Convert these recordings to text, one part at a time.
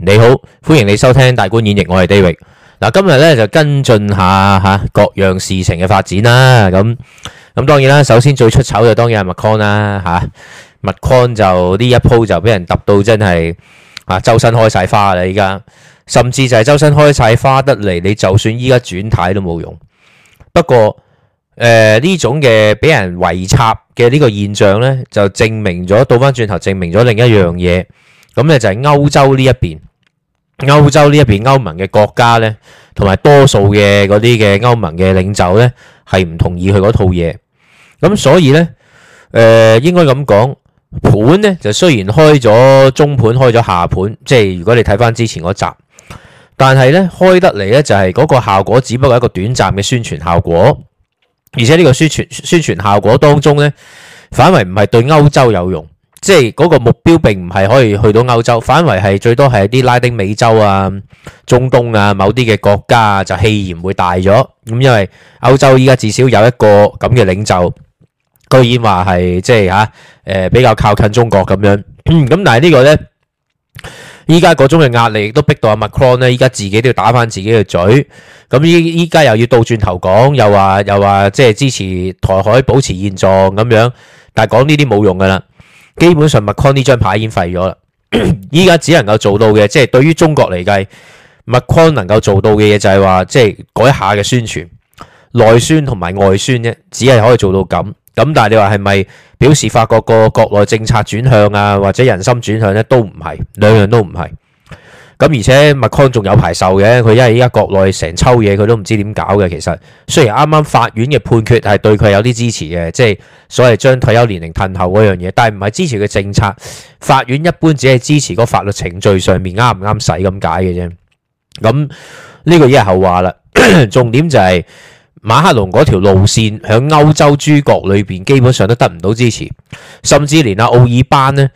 你好，歡迎你收聽大觀演繹，我係 David。嗱，今日咧就跟進下吓各樣事情嘅發展啦。咁咁當然啦，首先最出醜嘅當然係 Macron 啦吓、啊、Macron 就呢一鋪就俾人揼到真係啊周身開晒花啦，依家甚至就係周身開晒花得嚟，你就算依家轉軚都冇用。不過誒呢、呃、種嘅俾人圍插嘅呢個現象咧，就證明咗倒翻轉頭證明咗另一樣嘢。咁咧就係歐洲呢一邊，歐洲呢一邊歐盟嘅國家咧，同埋多數嘅嗰啲嘅歐盟嘅領袖咧，係唔同意佢嗰套嘢。咁所以咧，誒、呃、應該咁講，盤咧就雖然開咗中盤，開咗下盤，即係如果你睇翻之前嗰集，但係咧開得嚟咧就係嗰個效果，只不過係一個短暫嘅宣傳效果，而且呢個宣傳宣傳效果當中咧，反為唔係對歐洲有用。即係嗰個目標並唔係可以去到歐洲，反為係最多係啲拉丁美洲啊、中東啊某啲嘅國家就氣焰會大咗。咁因為歐洲依家至少有一個咁嘅領袖，居然話係即係吓誒比較靠近中國咁樣。咁但係呢個咧，依家嗰種嘅壓力都逼到阿 Macron 咧，依家自己都要打返自己嘅嘴。咁依依家又要倒轉頭講，又話又話即係支持台海保持現狀咁樣，但係講呢啲冇用噶啦。基本上麥匡呢張牌已經廢咗啦，依家只能夠做到嘅，即係對於中國嚟計，麥匡能夠做到嘅嘢就係話，即係改下嘅宣傳，內宣同埋外宣啫，只係可以做到咁。咁但係你話係咪表示法國個國內政策轉向啊，或者人心轉向咧，都唔係，兩樣都唔係。咁而且麥康仲有排受嘅，佢因為依家國內成抽嘢，佢都唔知點搞嘅。其實雖然啱啱法院嘅判決係對佢有啲支持嘅，即係所謂將退休年齡褪後嗰樣嘢，但係唔係支持佢政策。法院一般只係支持個法律程序上面啱唔啱使咁解嘅啫。咁呢、這個一係後話啦， 重點就係、是、馬克龍嗰條路線喺歐洲諸國裏邊基本上都得唔到支持，甚至連阿奧爾班呢。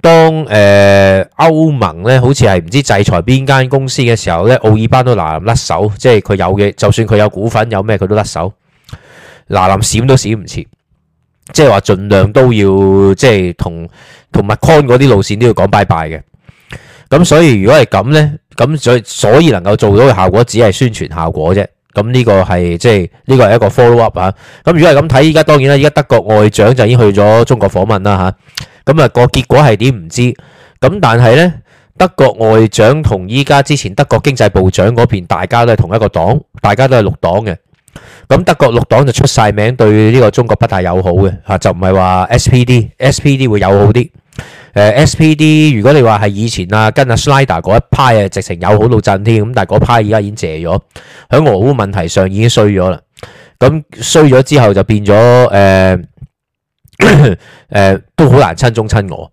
當誒歐盟咧，好似係唔知制裁邊間公司嘅時候咧，奧爾班都嗱嗱甩手，即係佢有嘅，就算佢有股份有咩，佢都甩手，嗱嗱閃都閃唔切，即係話盡量都要即係同同 Macron 嗰啲路線都要講拜拜嘅。咁所以如果係咁咧，咁所所以能夠做到嘅效果只係宣傳效果啫。咁呢個係即係呢個係一個 follow up 啊。咁如果係咁睇，依家當然啦，依家德國外長就已經去咗中國訪問啦吓。咁啊個結果係點唔知，咁但係咧德國外長同依家之前德國經濟部長嗰邊，大家都係同一個黨，大家都係綠黨嘅。咁德國綠黨就出晒名對呢個中國不太友好嘅，吓就唔係話 SPD，SPD 會友好啲。誒 SPD 如果你話係以前啊跟阿施賴達嗰一派啊，直情友好到震添，咁但係嗰一派而家已經謝咗，喺俄烏問題上已經衰咗啦。咁衰咗之後就變咗誒。誒，都好難親中親我，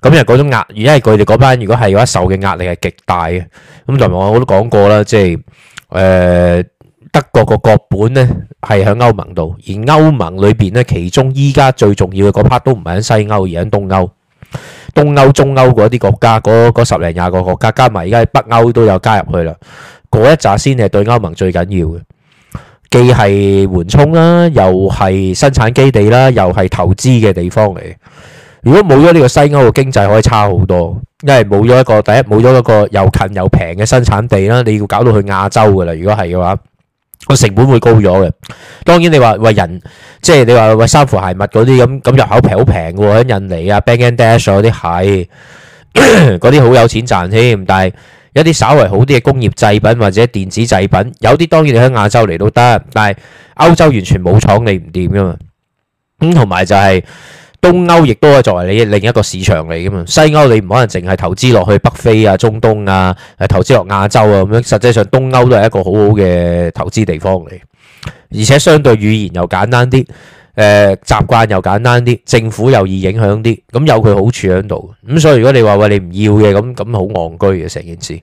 咁因為嗰種壓，原因係佢哋嗰班，如果係嗰啲受嘅壓力係極大嘅，咁就我我都講過啦，即係誒德國個國本咧係喺歐盟度，而歐盟裏邊咧其中依家最重要嘅嗰 part 都唔係喺西歐而喺東歐，東歐、中歐嗰啲國家，嗰嗰十零廿個國家，加埋依家喺北歐都有加入去啦，嗰一紮先係對歐盟最緊要嘅。既係緩衝啦，又係生產基地啦，又係投資嘅地方嚟。如果冇咗呢個西歐嘅經濟，可以差好多，因為冇咗一個第一，冇咗一個又近又平嘅生產地啦。你要搞到去亞洲噶啦，如果係嘅話，個成本會高咗嘅。當然你話喂人，即係你話喂衫褲鞋襪嗰啲咁咁入口平好平嘅喎，喺印尼啊 Bangladesh 嗰啲係嗰啲好有錢賺添，但係。一啲稍為好啲嘅工業製品或者電子製品，有啲當然你喺亞洲嚟都得，但係歐洲完全冇廠你唔掂噶嘛。咁同埋就係東歐亦都係作為你另一個市場嚟噶嘛。西歐你唔可能淨係投資落去北非啊、中東啊，係投資落亞洲啊咁樣。實際上東歐都係一個好好嘅投資地方嚟，而且相對語言又簡單啲。誒習慣又簡單啲，政府又易影響啲，咁有佢好處喺度。咁所以如果你話餵你唔要嘅，咁咁好戇居嘅成件事。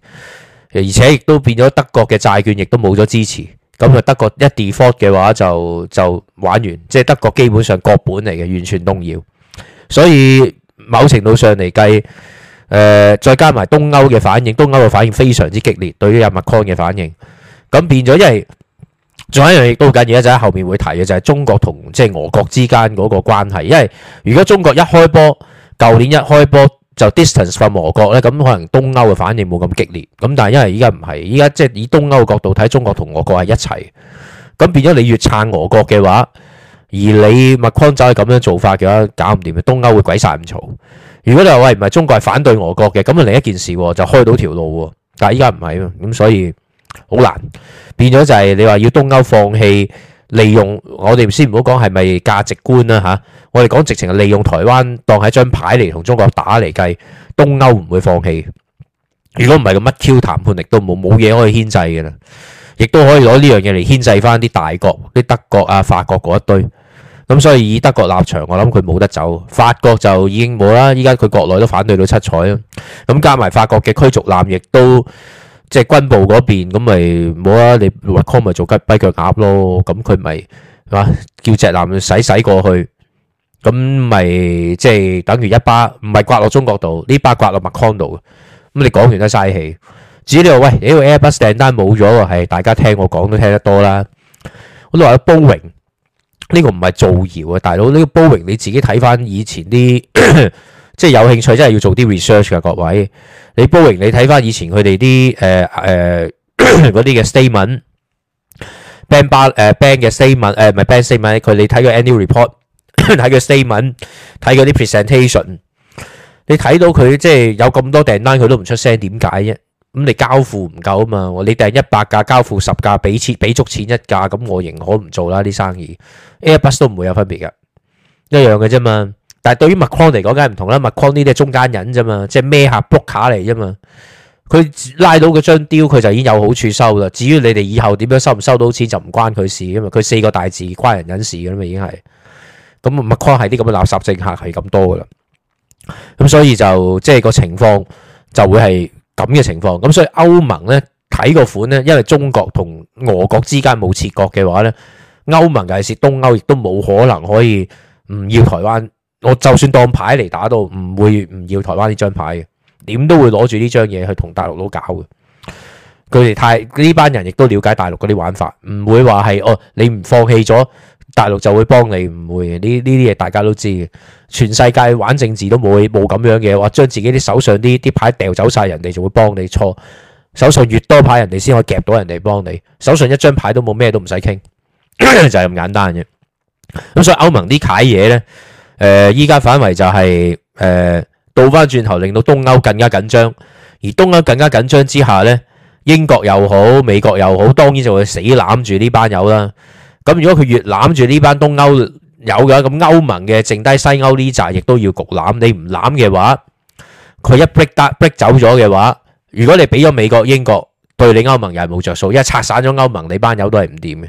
而且亦都變咗德國嘅債券亦都冇咗支持，咁就德國一 default 嘅話就就玩完，即係德國基本上國本嚟嘅，完全動搖。所以某程度上嚟計，誒再加埋東歐嘅反應，東歐嘅反應非常之激烈，對於馬克龍嘅反應，咁變咗因為。仲有一樣嘢都好緊要咧，就係後面會提嘅，就係中國同即係俄國之間嗰個關係。因為如果中國一開波，舊年一開波就 distance 返俄國咧，咁可能東歐嘅反應冇咁激烈。咁但係因為依家唔係，依家即係以東歐嘅角度睇，中國同俄國係一齊。咁變咗你越撐俄國嘅話，而你馬克龍係咁樣做法嘅話，搞唔掂嘅。東歐會鬼殺咁嘈。如果你話喂，唔係中國係反對俄國嘅，咁啊另一件事就開到條路。但係依家唔係嘛，咁所以。好難。變咗就係你話要東歐放棄利用我哋先，唔好講係咪價值觀啦吓，我哋講直情係利用台灣當係一張牌嚟同中國打嚟計，東歐唔會放棄。如果唔係咁乜 Q 談判力都冇，冇嘢可以牽制嘅啦，亦都可以攞呢樣嘢嚟牽制翻啲大國，啲德國啊、法國嗰一堆。咁所以以德國立場，我諗佢冇得走，法國就已經冇啦。依家佢國內都反對到七彩啦，咁加埋法國嘅驅逐艦亦都。即係軍部嗰邊，咁咪冇啦。你 Macron 咪做雞跛腳鴨咯。咁佢咪係嘛叫隻艦洗洗過去，咁咪即係等於一巴，唔係刮落中國度，呢巴刮落 Macron 度嘅。咁你講完都嘥氣。至於你話喂，呢個 Airbus 訂單冇咗喎，係大家聽我講都聽得多啦。我都話阿包榮呢個唔係造謠啊，大佬，呢個包榮你自己睇翻以前啲。即係有興趣，真係要做啲 research 嘅各位，你 Boeing，你睇翻以前佢哋啲誒誒嗰啲嘅 statement，bang 巴誒 bang 嘅 statement 誒唔係 bang statement，佢你睇個 annual report，睇個 statement，睇嗰啲 presentation，你睇到佢即係有咁多訂單，佢都唔出聲，點解啫？咁你交付唔夠啊嘛，你訂一百架，交付十架，俾錢俾足錢一架，咁我仍可唔做啦啲生意，Airbus 都唔會有分別嘅，一樣嘅啫嘛。但係對於馬克龍嚟講，梗係唔同啦。馬克龍呢啲係中間人啫嘛，即係孭下 book 卡嚟啫嘛。佢拉到個張雕，佢就已經有好處收啦。至於你哋以後點樣收唔收到錢，就唔關佢事噶嘛。佢四個大字關人隱事噶啦，咪已經係咁。馬克龍係啲咁嘅垃圾政客，係咁多噶啦。咁所以就即係個情況就會係咁嘅情況。咁所以歐盟咧睇個款咧，因為中國同俄國之間冇切割嘅話咧，歐盟尤其是東歐亦都冇可能可以唔要台灣。我就算當牌嚟打都唔會唔要台灣呢張牌嘅，點都會攞住呢張嘢去同大陸佬搞嘅。佢哋太呢班人亦都了解大陸嗰啲玩法，唔會話係哦，你唔放棄咗大陸就會幫你，唔會嘅。呢呢啲嘢大家都知嘅。全世界玩政治都冇冇咁樣嘅話，將自己啲手上啲啲牌掉走晒，人哋就會幫你錯。手上越多牌，人哋先可以夾到人哋幫你。手上一張牌都冇，咩都唔使傾，就係咁簡單嘅。咁所以歐盟啲啓嘢呢。誒，依家反為就係誒，倒翻轉頭令到東歐更加緊張，而東歐更加緊張之下咧，英國又好，美國又好，當然就會死攬住呢班友啦。咁如果佢越攬住呢班東歐友嘅話，咁歐盟嘅剩低西歐呢扎，亦都要焗攬。你唔攬嘅話，佢一逼得逼走咗嘅話，如果你俾咗美國、英國對你歐盟又係冇着數，因為拆散咗歐盟，你班友都係唔掂嘅。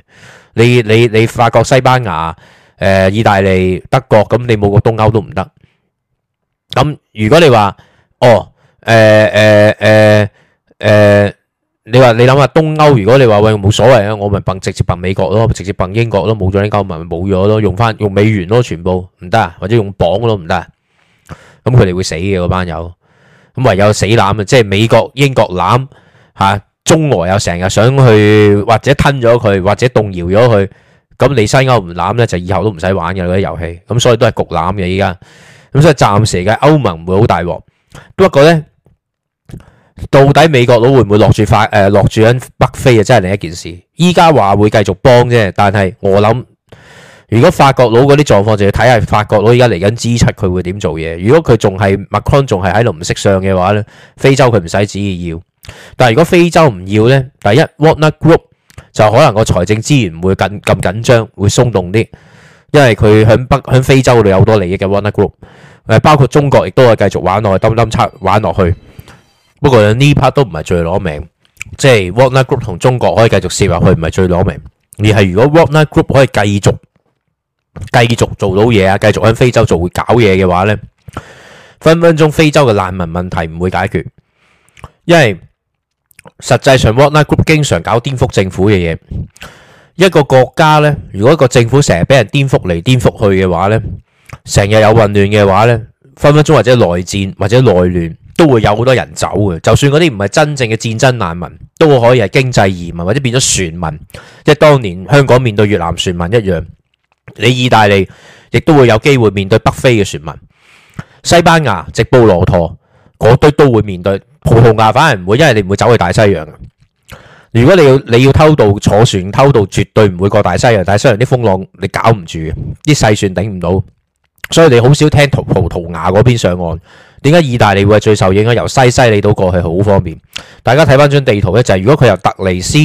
你你你發覺西班牙？誒，意大利、德國咁，你冇個東歐都唔得。咁如果你話，哦，誒誒誒誒，你話你諗下東歐，如果你話喂，冇所謂啊，我咪憑直接憑美國咯，直接憑英國咯，冇咗呢嚿咪冇咗咯，用翻用美元咯，全部唔得啊，或者用綁都唔得啊。咁佢哋會死嘅嗰班友。咁唯有死攬啊，即係美國、英國攬嚇。中俄又成日想去，或者吞咗佢，或者動搖咗佢。咁你西歐唔攬咧，就以後都唔使玩嘅嗰啲遊戲，咁所以都係焗攬嘅依家。咁所以暫時嘅歐盟唔會好大鑊，不過咧，到底美國佬會唔會落住法誒落住喺北非啊？真係另一件事。依家話會繼續幫啫，但係我諗，如果法國佬嗰啲狀況，就要睇下法國佬依家嚟緊支出佢會點做嘢。如果佢仲係 Macron 仲係喺度唔識相嘅話咧，非洲佢唔使旨意要。但係如果非洲唔要咧，第一 What Not Group。就可能個財政資源會緊咁緊張，會鬆動啲，因為佢喺北喺非洲嗰度有好多利益嘅。Wagner Group，誒包括中國亦都係繼續玩落去，dump dump 測玩落去。不過喺呢 part 都唔係最攞命，即係 Wagner Group 同中國可以繼續蝕入去，唔係最攞命。而係如果 Wagner Group 可以繼續繼續做到嘢啊，繼續喺非洲做會搞嘢嘅話咧，分分鐘非洲嘅難民問題唔會解決，因為。實際上，WhatsApp Group 經常搞顛覆政府嘅嘢。一個國家呢，如果一個政府成日俾人顛覆嚟顛覆去嘅話呢，成日有混亂嘅話呢，分分鐘或者內戰或者內亂都會有好多人走嘅。就算嗰啲唔係真正嘅戰爭難民，都會可以係經濟移民或者變咗船民，即係當年香港面對越南船民一樣。你意大利亦都會有機會面對北非嘅船民，西班牙直布羅陀。嗰堆都會面對葡萄牙，反而唔會，因為你唔會走去大西洋。如果你要你要偷渡坐船偷渡，絕對唔會過大西洋。大西洋啲風浪你搞唔住，啲細船頂唔到，所以你好少聽葡萄牙嗰邊上岸。點解意大利會係最受影響？由西西里島過去好方便。大家睇翻張地圖咧，就係如果佢由特尼斯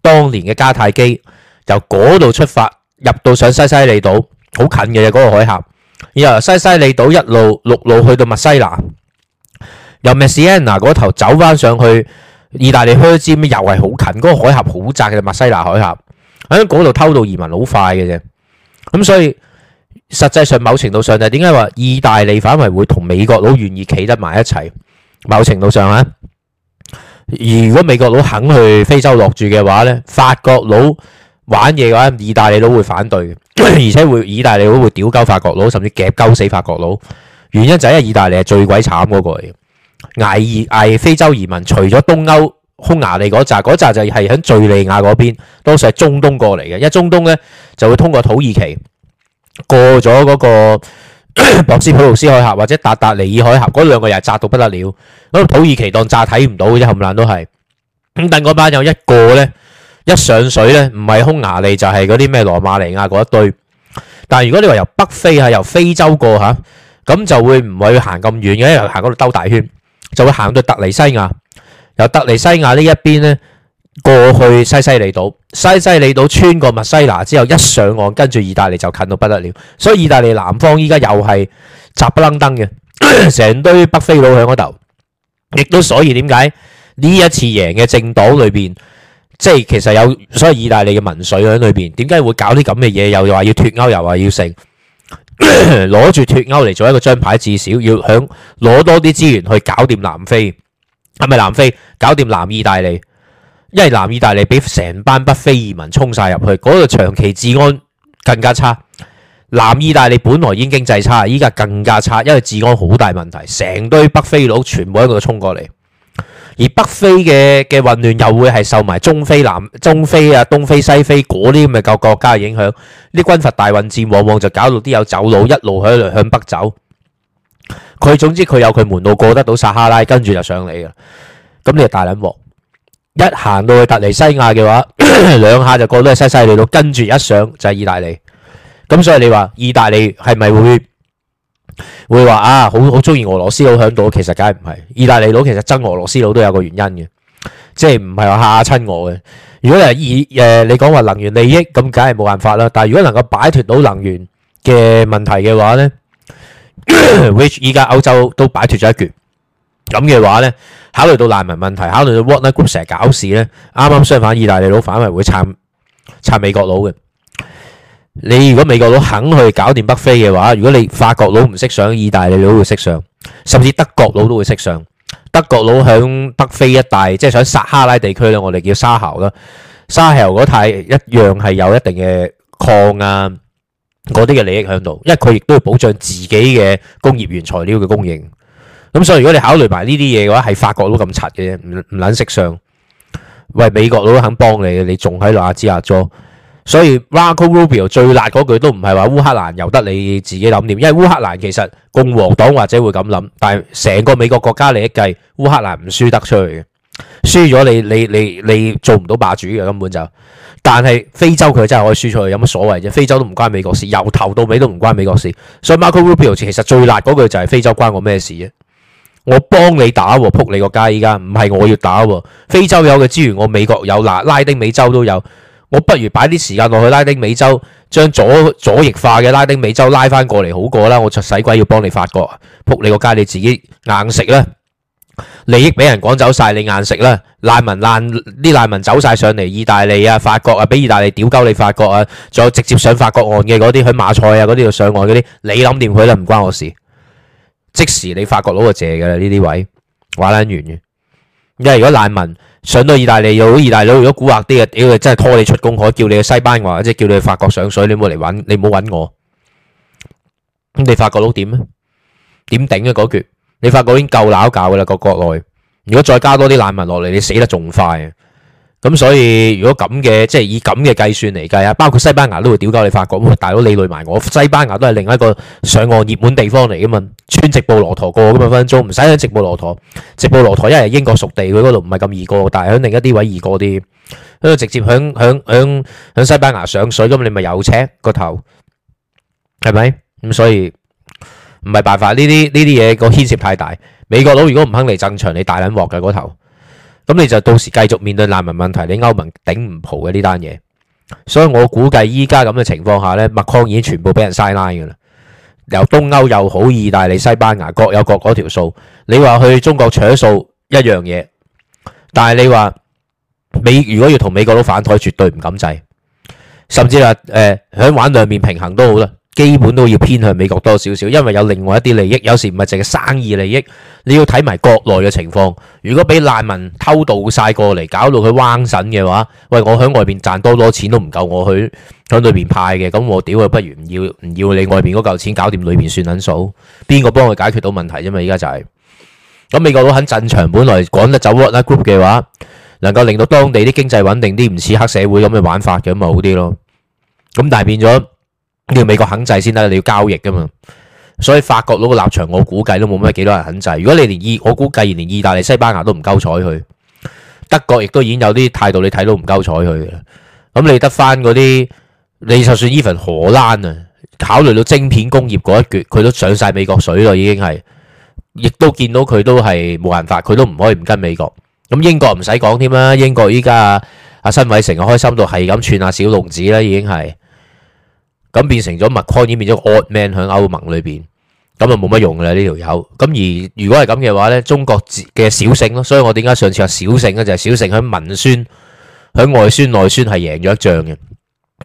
當年嘅迦太基，由嗰度出發，入到上西西里島，好近嘅嗰個海峽，然後由西西里島一路陸路去到墨西拿。由墨西拿嗰頭走翻上去意大利靴尖，又係好近，嗰個海峽好窄嘅，墨西拿海峽喺嗰度偷渡移民好快嘅啫。咁所以實際上某程度上就係點解話意大利反為會同美國佬願意企得埋一齊？某程度上咧，如果美國佬肯去非洲落住嘅話咧，法國佬玩嘢嘅話，意大利佬會反對嘅，而且會意大利佬會屌鳩法國佬，甚至夾鳩死法國佬。原因就係意大利係最鬼慘嗰個嚟。挨移挨非洲移民，除咗東歐匈牙利嗰扎，嗰扎就係喺敘利亞嗰邊，多數係中東過嚟嘅。因為中東咧就會通過土耳其過咗嗰個博斯普魯斯海峽或者達達尼爾海峽，嗰兩個又窄到不得了。喺度土耳其當窄睇唔到嘅啫，冚唪爛都係咁。但嗰班有一個咧，一上水咧唔係匈牙利就係嗰啲咩羅馬尼亞嗰一堆。但係如果你話由北非係由非洲過吓，咁就會唔會行咁遠嘅，因為行嗰度兜大圈，就會行到特尼西亞，由特尼西亞呢一邊呢過去西西里島，西西里島穿過墨西拿之後一上岸，跟住意大利就近到不得了，所以意大利南方依家又係雜不楞登嘅，成堆北非佬響嗰度，亦都所以點解呢一次贏嘅政黨裏邊，即係其實有所謂意大利嘅民粹響裏邊，點解會搞啲咁嘅嘢，又話要脫歐，又話要成。攞住脫歐嚟做一個張牌，至少要響攞多啲資源去搞掂南非，係咪？南非搞掂南意大利，因為南意大利俾成班北非移民沖晒入去，嗰度長期治安更加差。南意大利本來已經經濟差，依家更加差，因為治安好大問題，成堆北非佬全部喺度沖過嚟。而北非嘅嘅混亂又會係受埋中非南中非啊東非西非嗰啲咁嘅舊國家影響，啲軍閥大混戰往往就搞到啲有走佬一路喺度向北走，佢總之佢有佢門路過得到撒哈拉，跟住就上嚟啦。咁你就大捻鑊，一行到去突尼西亞嘅話，兩下就過到去西西里島，跟住一上就係意大利。咁所以你話意大利係咪會？會話啊，好好中意俄羅斯佬響度，其實梗係唔係。意大利佬其實憎俄羅斯佬都有個原因嘅，即係唔係話吓親我嘅。如果係以誒你講話能源利益咁，梗係冇辦法啦。但係如果能夠擺脫到能源嘅問題嘅話咧，which 而家歐洲都擺脫咗一橛，咁嘅話咧，考慮到難民問題，考慮到 Wagner Group 成日搞事咧，啱啱相反，意大利佬反而會撐撐美國佬嘅。你如果美國佬肯去搞掂北非嘅話，如果你法國佬唔識上，意大利佬會識上，甚至德國佬都會識上。德國佬響北非一帶，即係響撒哈拉地區咧，我哋叫沙哈啦，沙哈啦嗰帶一樣係有一定嘅礦啊，嗰啲嘅利益響度，因為佢亦都要保障自己嘅工業原材料嘅供應。咁所以如果你考慮埋呢啲嘢嘅話，係法國佬咁柒嘅啫，唔唔撚識上，喂，美國佬肯幫你嘅，你仲喺度阿茲亞佐。啊啊啊所以 Marco Rubio 最辣嗰句都唔係話烏克蘭由得你自己諗掂，因為烏克蘭其實共和黨或者會咁諗，但係成個美國國家你一計，烏克蘭唔輸得出去嘅，輸咗你你你做唔到霸主嘅根本就，但係非洲佢真係可以輸出去，有乜所謂啫？非洲都唔關美國事，由頭到尾都唔關美國事，所以 Marco Rubio 其實最辣嗰句就係非洲關我咩事啊？我幫你打喎，撲你個街依家，唔係我要打喎，非洲有嘅資源我美國有，嗱拉丁美洲都有。我不如擺啲時間落去拉丁美洲，將左左翼化嘅拉丁美洲拉翻過嚟好過啦。我就使鬼要幫你法國，撲你個街，你自己硬食啦。利益俾人趕走晒，你硬食啦。難民爛啲難民走晒上嚟，意大利啊、法國啊，俾意大利屌鳩你法國啊，仲有直接上法國岸嘅嗰啲，去馬賽啊嗰啲度上岸嗰啲，你諗掂佢啦，唔關我事。即時你法國佬就謝嘅啦，呢啲位話得完嘅。因為如果難民，上到意大利又好，意大利佬如果蠱惑啲嘅，屌你真係拖你出公海，叫你去西班牙，即係叫你去法國上水，你冇嚟搵，你冇好搵我。咁你法國佬點啊？點頂啊？嗰撅，你法國已經夠鬧搞噶啦，個國內如果再加多啲難民落嚟，你死得仲快啊！咁所以如果咁嘅即係以咁嘅計算嚟計啊，包括西班牙都會屌鳩你法國，哇大佬你累埋我，西班牙都係另一個上岸熱門地方嚟噶嘛，穿直布羅陀過咁咪分分鐘，唔使響直布羅陀，直布羅陀因為係英國屬地，佢嗰度唔係咁易過，但係響另一啲位易過啲，喺度直接響響響響西班牙上水，咁你咪有車個頭，係咪？咁所以唔係辦法，呢啲呢啲嘢個牽涉太大，美國佬如果唔肯嚟戰場，你大捻鑊噶個頭。咁你就到時繼續面對難民問題，你歐盟頂唔浦嘅呢單嘢，所以我估計依家咁嘅情況下呢，麥康已經全部俾人晒冷㗎啦。由東歐又好，意大利、西班牙各有各嗰條數。你話去中國取數一樣嘢，但係你話美如果要同美國佬反台，絕對唔敢制，甚至話誒響玩兩面平衡都好啦。基本都要偏向美國多少少，因為有另外一啲利益，有時唔係淨係生意利益，你要睇埋國內嘅情況。如果俾難民偷渡晒過嚟，搞到佢彎神嘅話，喂，我響外邊賺多多錢都唔夠我去響裏邊派嘅，咁我屌啊，不如唔要唔要你外邊嗰嚿錢搞面，搞掂裏邊算撚數，邊個幫佢解決到問題啫嘛，就是？依家就係咁，美國佬肯進場，本來趕得走 Wagner Group 嘅話，能夠令到當地啲經濟穩定啲，唔似黑社會咁嘅玩法嘅，咁咪好啲咯。咁但係變咗。你要美國肯制先得，你要交易噶嘛。所以法國嗰個立場，我估計都冇乜幾多人肯制。如果你連意，我估計連意大利、西班牙都唔瞅睬佢。德國亦都已經有啲態度你都，你睇到唔瞅睬佢嘅。咁你得翻嗰啲，你就算 even 荷蘭啊，考慮到晶片工業嗰一橛，佢都上晒美國水咯，已經係。亦都見到佢都係冇辦法，佢都唔可以唔跟美國。咁英國唔使講添啦，英國依家啊啊，辛偉誠成開心到係咁串下小籠子啦，已經係。咁變成咗馬克龍已經變咗惡 man 喺歐盟裏邊，咁就冇乜用啦呢條友。咁、這個、而如果係咁嘅話咧，中國嘅小勝咯。所以我點解上次話小勝咧，就係、是、小勝喺文宣、喺外宣、內宣係贏咗一仗嘅。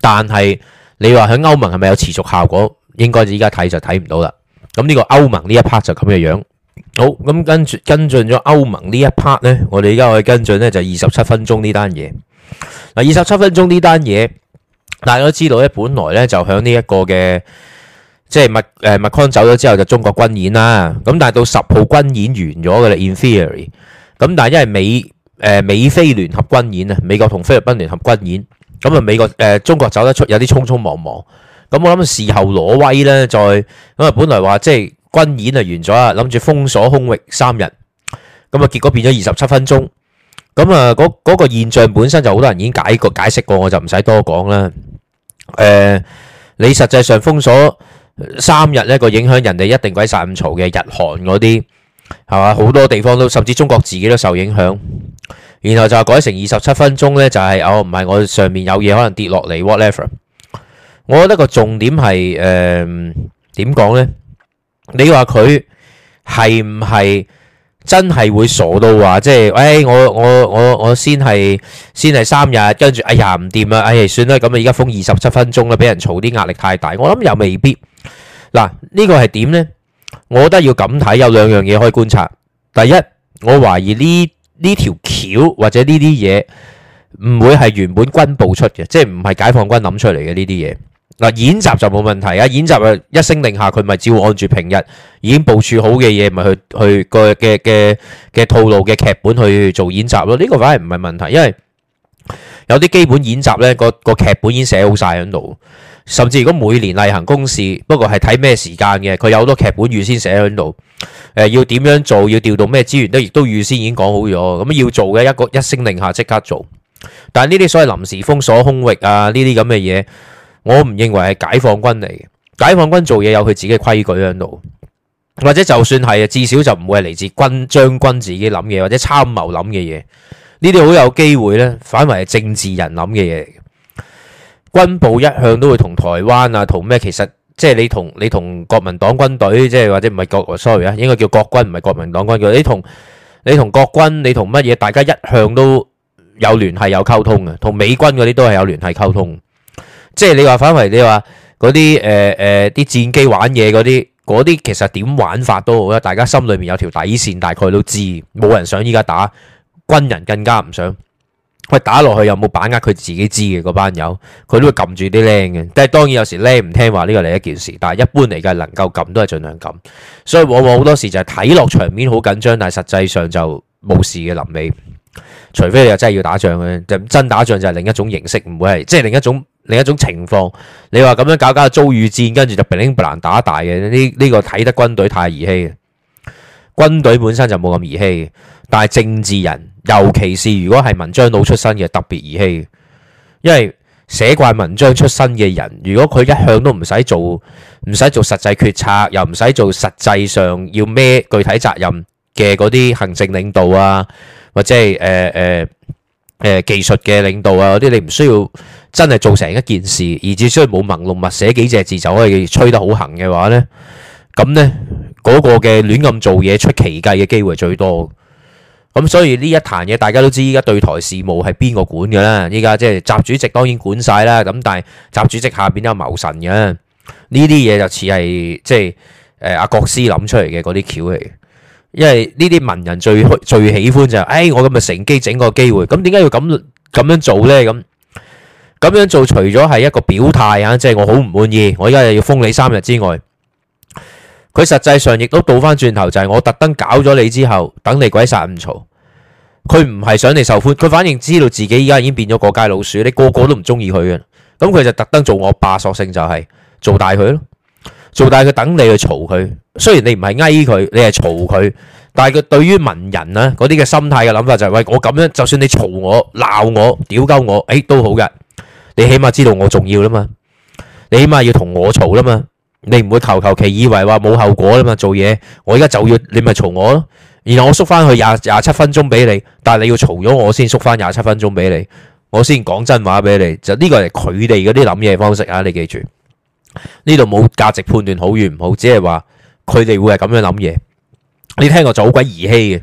但係你話喺歐盟係咪有持續效果？應該依家睇就睇唔到啦。咁呢個歐盟呢一 part 就咁嘅樣。好，咁跟住跟進咗歐盟一呢一 part 咧，我哋依家可以跟進咧就二十七分鐘呢單嘢。嗱，二十七分鐘呢單嘢。但係我都知道咧，本來咧就響呢一個嘅，即係麥誒麥康走咗之後就中國軍演啦。咁但係到十號軍演完咗嘅啦，in theory。咁但係因為美誒美菲聯合軍演啊，美國同菲律賓聯合軍演，咁啊美國誒、呃、中國走得出，有啲匆匆忙忙。咁我諗事後挪威咧再咁啊，本來話即係軍演啊完咗啦，諗住封鎖空域三日，咁啊結果變咗二十七分鐘。咁啊，嗰嗰個現象本身就好多人已經解過解釋過，我就唔使多講啦。誒，你實際上封鎖三日咧，個影響人哋一定鬼殺咁嘈嘅日韓嗰啲，係嘛？好多地方都，甚至中國自己都受影響。然後就改成二十七分鐘咧，就係哦，唔係我上面有嘢可能跌落嚟，whatever。我覺得個重點係誒點講咧？你話佢係唔係？真係會傻到話，即係誒、哎，我我我我先係先係三日，跟住哎呀唔掂啦，哎呀算啦，咁啊而家封二十七分鐘啦，俾人嘈啲壓力太大，我諗又未必嗱，呢、呢個係點呢？我覺得要咁睇，有兩樣嘢可以觀察。第一，我懷疑呢呢條橋或者呢啲嘢唔會係原本軍部出嘅，即係唔係解放軍諗出嚟嘅呢啲嘢。嗱，演習就冇問題啊！演習啊，一聲令下，佢咪照按住平日已經部署好嘅嘢，咪去去個嘅嘅嘅套路嘅劇本去做演習咯。呢、這個反而唔係問題，因為有啲基本演習咧，個個劇本已經寫好晒喺度。甚至如果每年例行公事，不過係睇咩時間嘅，佢有好多劇本預先寫喺度，誒、呃、要點樣做，要調動咩資源咧，亦都預先已經講好咗。咁要做嘅一個一聲令下即刻做，但係呢啲所謂臨時封鎖空域啊，呢啲咁嘅嘢。我唔認為係解放軍嚟嘅，解放軍做嘢有佢自己規矩喺度，或者就算係啊，至少就唔會係嚟自軍將軍自己諗嘢，或者參謀諗嘅嘢。呢啲好有機會咧，反為係政治人諗嘅嘢。軍部一向都會同台灣啊，同咩？其實即係你同你同國民黨軍隊，即係或者唔係國？sorry 啊，應該叫國軍，唔係國民黨軍隊。你同你同國軍，你同乜嘢？大家一向都有聯繫有溝通嘅，同美軍嗰啲都係有聯繫溝通。即係你話反為你話嗰啲誒誒啲戰機玩嘢嗰啲，嗰啲其實點玩法都好啦，大家心裏面有條底線，大概都知冇人想依家打，軍人更加唔想喂，打落去有冇把握？佢自己知嘅嗰班友，佢都會撳住啲僆嘅，即係當然有時僆唔聽話呢個另一件事，但係一般嚟嘅能夠撳都係儘量撳，所以往往好多時就係睇落場面好緊張，但係實際上就冇事嘅，臨尾，除非你又真係要打仗嘅，就真打仗就係另一種形式，唔會係即係另一種。另一種情況，你話咁樣搞搞遭遇戰，跟住就並唔難打大嘅。呢呢、呢個睇得軍隊太兒戲嘅，軍隊本身就冇咁兒戲。但係政治人，尤其是如果係文章佬出身嘅，特別兒戲。因為寫慣文章出身嘅人，如果佢一向都唔使做，唔使做實際決策，又唔使做實際上要孭具體責任嘅嗰啲行政領導啊，或者係誒誒。呃呃誒、呃，技術嘅領導啊，嗰啲你唔需要真係做成一件事，而只需要冇盲碌物寫幾隻字就可以吹得好行嘅話呢。咁、那、呢、個，嗰個嘅亂咁做嘢出奇計嘅機會最多。咁所以呢一壇嘢，大家都知依家對台事務係邊個管嘅啦？依家即係習主席當然管晒啦。咁但係習主席下邊都有謀臣嘅，呢啲嘢就似係即係誒阿國師諗出嚟嘅嗰啲橋嚟。因為呢啲文人最最喜歡就係，誒、哎，我咁咪乘機整個機會，咁點解要咁咁樣，樣做咧？咁咁樣做除咗係一個表態啊，即係我好唔滿意，我依家又要封你三日之外，佢實際上亦都倒翻轉頭就係、是、我特登搞咗你之後，等你鬼殺唔嘈，佢唔係想你受歡，佢反而知道自己依家已經變咗過街老鼠，你個個都唔中意佢嘅，咁佢就特登做惡霸，索性就係做大佢咯。做大佢，等你去嘈佢。雖然你唔係嗌佢，你係嘈佢，但係佢對於文人咧嗰啲嘅心態嘅諗法就係、是、喂，我咁樣，就算你嘈我、鬧我、屌鳩我，誒、欸、都好嘅，你起碼知道我重要啦嘛，你起碼要同我嘈啦嘛，你唔會求求其以為話冇後果啦嘛做嘢。我而家就要你咪嘈我咯，然後我縮翻去廿廿七分鐘俾你，但係你要嘈咗我先縮翻廿七分鐘俾你，我先講真話俾你，就呢、是、個係佢哋嗰啲諗嘢方式啊，你記住。呢度冇價值判斷，好與唔好，只係話佢哋會係咁樣諗嘢。你聽過就好鬼兒戲嘅，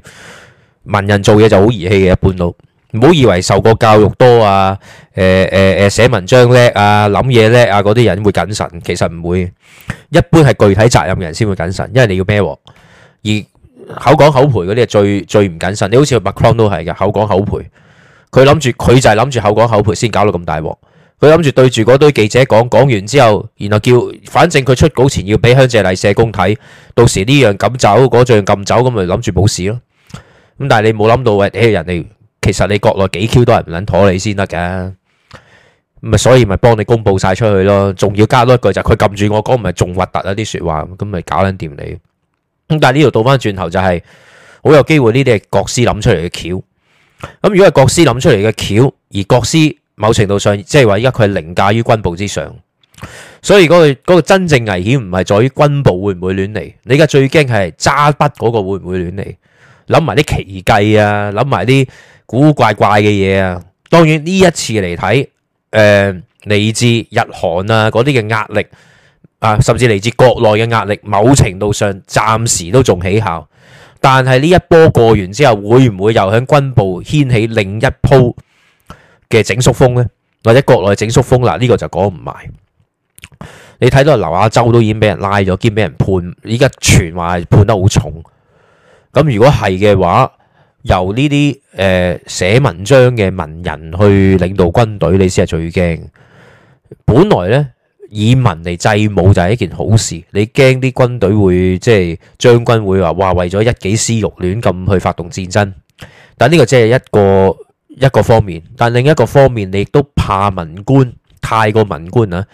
文人做嘢就好兒戲嘅，一般都唔好以為受過教育多啊，誒誒誒寫文章叻啊，諗嘢叻啊，嗰啲人會謹慎，其實唔會。一般係具體責任人先會謹慎，因為你要孭鑊，而口講口賠嗰啲係最最唔謹慎。你好似 Macron 都係嘅，口講口賠，佢諗住佢就係諗住口講口賠先搞到咁大鑊。佢諗住對住嗰堆記者講，講完之後，然後叫，反正佢出稿前要俾香姐麗社工睇，到時呢樣撳走，嗰樣撳走，咁咪諗住冇事咯。咁但係你冇諗到，喂，人哋其實你國內幾 Q 都係唔捻妥你先得嘅，咁咪所以咪幫你公布晒出去咯。仲要加多一句就係，佢撳住我講，唔係仲核突一啲說話，咁咪搞捻掂你。咁但係呢度倒翻轉頭就係，好有機會呢啲係國師諗出嚟嘅橋。咁如果係國師諗出嚟嘅橋，而國師。某程度上，即係話依家佢係凌駕於軍部之上，所以嗰個嗰個真正危險唔係在於軍部會唔會亂嚟，你而家最驚係揸筆嗰個會唔會亂嚟，諗埋啲奇計啊，諗埋啲古怪怪嘅嘢啊。當然呢一次嚟睇，誒、呃、嚟自日韓啊嗰啲嘅壓力啊，甚至嚟自國內嘅壓力，某程度上暫時都仲起效，但係呢一波過完之後，會唔會又喺軍部掀起另一鋪嘅整肅風咧，或者國內整肅風啦，呢個就講唔埋。你睇到劉亞洲都已經俾人拉咗，兼俾人判，依家傳話係判得好重。咁如果係嘅話，由呢啲誒寫文章嘅文人去領導軍隊，你先係最驚。本來呢，以文嚟制武就係一件好事，你驚啲軍隊會即係將軍會話哇，為咗一己私欲亂咁去發動戰爭。但呢個即係一個。一個方面，但另一個方面你，你亦都怕文官太過文官啊。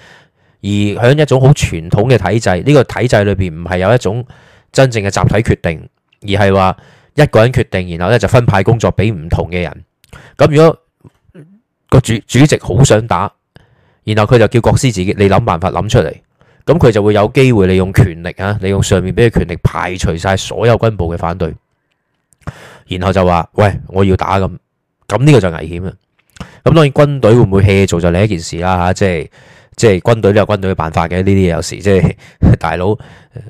而喺一種好傳統嘅體制，呢、這個體制裏邊唔係有一種真正嘅集體決定，而係話一個人決定，然後咧就分派工作俾唔同嘅人。咁如果個主主席好想打，然後佢就叫國師自己，你諗辦法諗出嚟，咁佢就會有機會利用權力啊，利用上面俾嘅權力排除晒所有軍部嘅反對，然後就話：喂，我要打咁。咁呢個就危險啦。咁當然軍隊會唔會棄做就另一件事啦，吓，即係即係軍隊都有軍隊嘅辦法嘅。呢啲嘢有時即係大佬，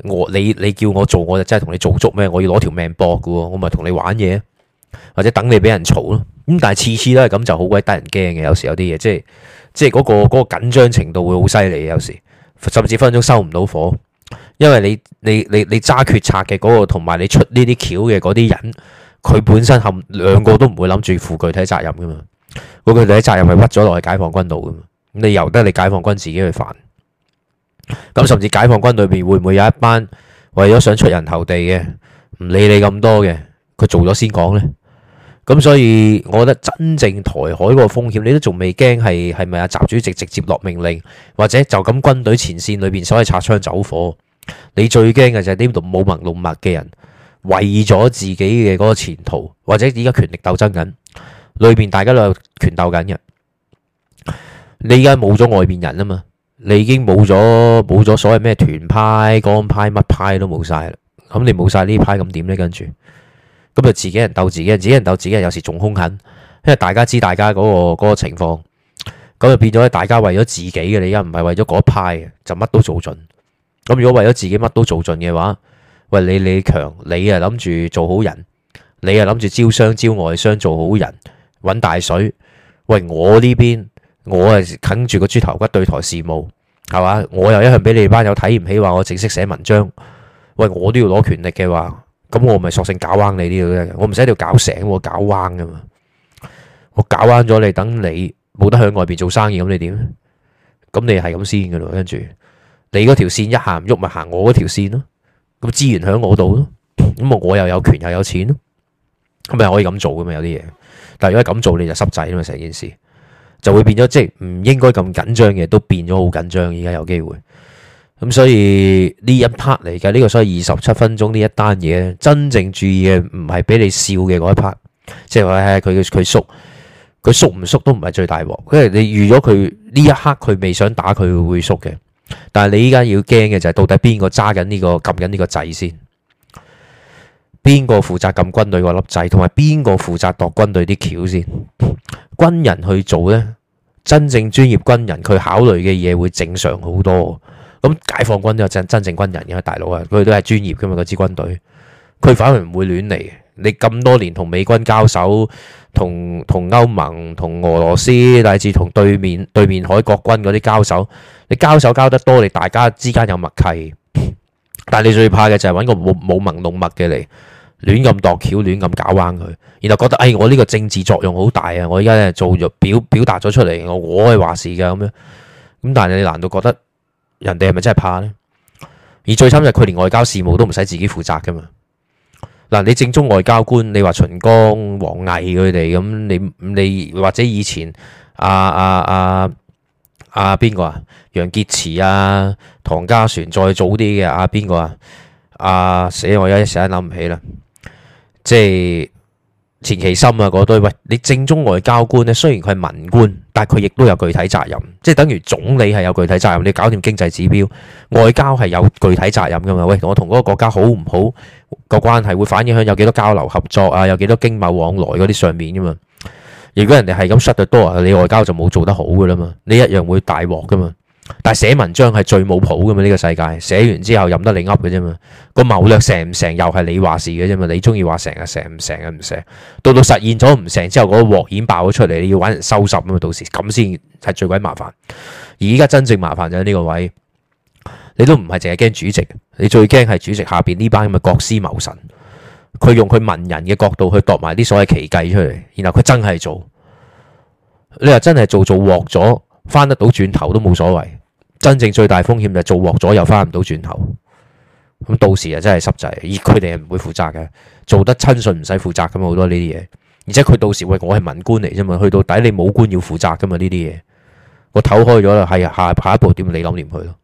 我你你叫我做，我就真係同你做足咩？我要攞條命搏嘅，我咪同你玩嘢，或者等你俾人嘈咯。咁但係次次都係咁就好鬼得人驚嘅，有時有啲嘢即係即係嗰個嗰個緊張程度會好犀利，有時甚至分鐘收唔到火，因為你你你你揸決策嘅嗰個同埋你出呢啲橋嘅嗰啲人。佢本身含兩個都唔會諗住負具體責任噶嘛，嗰個具體責任係屈咗落去解放軍度噶嘛，咁你由得你解放軍自己去煩，咁甚至解放軍裏邊會唔會有一班為咗想出人頭地嘅唔理你咁多嘅，佢做咗先講呢，咁所以我覺得真正台海個風險，你都仲未驚係係咪阿習主席直接落命令，或者就咁軍隊前線裏邊所謂擦槍走火，你最驚嘅就係呢度舞文弄墨嘅人。為咗自己嘅嗰個前途，或者而家權力鬥爭緊，裏邊大家都有權鬥緊嘅。你而家冇咗外邊人啊嘛，你已經冇咗冇咗所謂咩團派、江派、乜派都冇晒啦。咁你冇晒呢派，咁點呢？跟住咁就自己人鬥自己人，自己人鬥自己人，有時仲凶狠，因為大家知大家嗰個、嗰個情況，咁就變咗大家為咗自己嘅。你而家唔係為咗嗰派嘅，就乜都做盡。咁如果為咗自己乜都做盡嘅話，喂，你你強，你啊諗住做好人，你啊諗住招商招外商做好人，揾大水。喂，我呢邊我係啃住個豬頭骨對台事務，係嘛？我又一向俾你班友睇唔起，話我淨識寫文章。喂，我都要攞權力嘅話，咁我咪索性搞彎你呢度咧。我唔使喺度搞醒，我搞彎噶嘛。我搞彎咗你，等你冇得向外邊做生意，咁你點？咁你係咁先噶咯，跟住你嗰條線一下唔喐咪行我嗰條線咯。咁資源喺我度咯，咁我我又有權又有錢咯，咁咪可以咁做噶嘛？有啲嘢，但係如果係咁做你就濕滯啊嘛！成件事就，就會變咗，即係唔應該咁緊張嘅，都變咗好緊張。而家有機會，咁所以呢一 part 嚟嘅呢個，所謂二十七分鐘呢一單嘢，真正注意嘅唔係俾你笑嘅嗰一 part，即係話佢佢縮，佢縮唔縮都唔係最大鑊，因為你預咗佢呢一刻佢未想打佢會縮嘅。但係你依家要驚嘅就係到底邊個揸緊呢個撳緊呢個掣先，邊個負責撳軍隊個粒掣，同埋邊個負責度軍隊啲橋先？軍人去做呢，真正專業軍人佢考慮嘅嘢會正常好多。咁解放軍都有真真正軍人嘅大佬啊，佢哋都係專業噶嘛，個支軍隊佢反而唔會亂嚟。你咁多年同美軍交手，同同歐盟、同俄羅斯，乃至同對面對面海國軍嗰啲交手，你交手交得多，你大家之間有默契。但係你最怕嘅就係揾個冇冇文弄墨嘅嚟，亂咁度橋，亂咁搞彎佢，然後覺得，哎，我呢個政治作用好大啊！我依家咧做咗表表達咗出嚟，我我係話事噶咁樣。咁但係你難道覺得人哋係咪真係怕呢？而最慘就係佢連外交事務都唔使自己負責噶嘛。嗱，你正宗外交官，你話秦剛、王毅佢哋咁，你你或者以前阿阿阿阿邊個啊？楊潔篪啊、唐家璇，再早啲嘅阿邊個啊？阿死、啊啊、我而家一時間諗唔起啦，即係。錢其琛啊，嗰堆喂，你正宗外交官咧，雖然佢係文官，但係佢亦都有具體責任，即係等於總理係有具體責任，你搞掂經濟指標，外交係有具體責任噶嘛？喂，和我同嗰個國家好唔好個關係會反映響有幾多交流合作啊，有幾多經貿往來嗰啲上面噶嘛？如果人哋係咁失得多，你外交就冇做得好噶啦嘛，你一樣會大鑊噶嘛。但係寫文章係最冇譜噶嘛呢個世界，寫完之後任得你噏嘅啫嘛。個謀略成唔成又係你話事嘅啫嘛。你中意話成日成唔成啊唔成，到到實現咗唔成之後嗰鑊演爆咗出嚟，你要揾人收拾啊嘛。到時咁先係最鬼麻煩。而家真正麻煩就係呢個位，你都唔係淨係驚主席，你最驚係主席下邊呢班咁嘅國師謀臣，佢用佢文人嘅角度去度埋啲所謂奇計出嚟，然後佢真係做，你話真係做做鑊咗翻得到轉頭都冇所謂。真正最大風險就係做錯咗又翻唔到轉頭，咁到時啊真係濕滯，而佢哋係唔會負責嘅，做得親信唔使負責噶嘛，好多呢啲嘢，而且佢到時，喂，我係文官嚟啫嘛，去到底你武官要負責噶嘛呢啲嘢，個頭開咗啦，係下一下一步點你諗掂佢咯？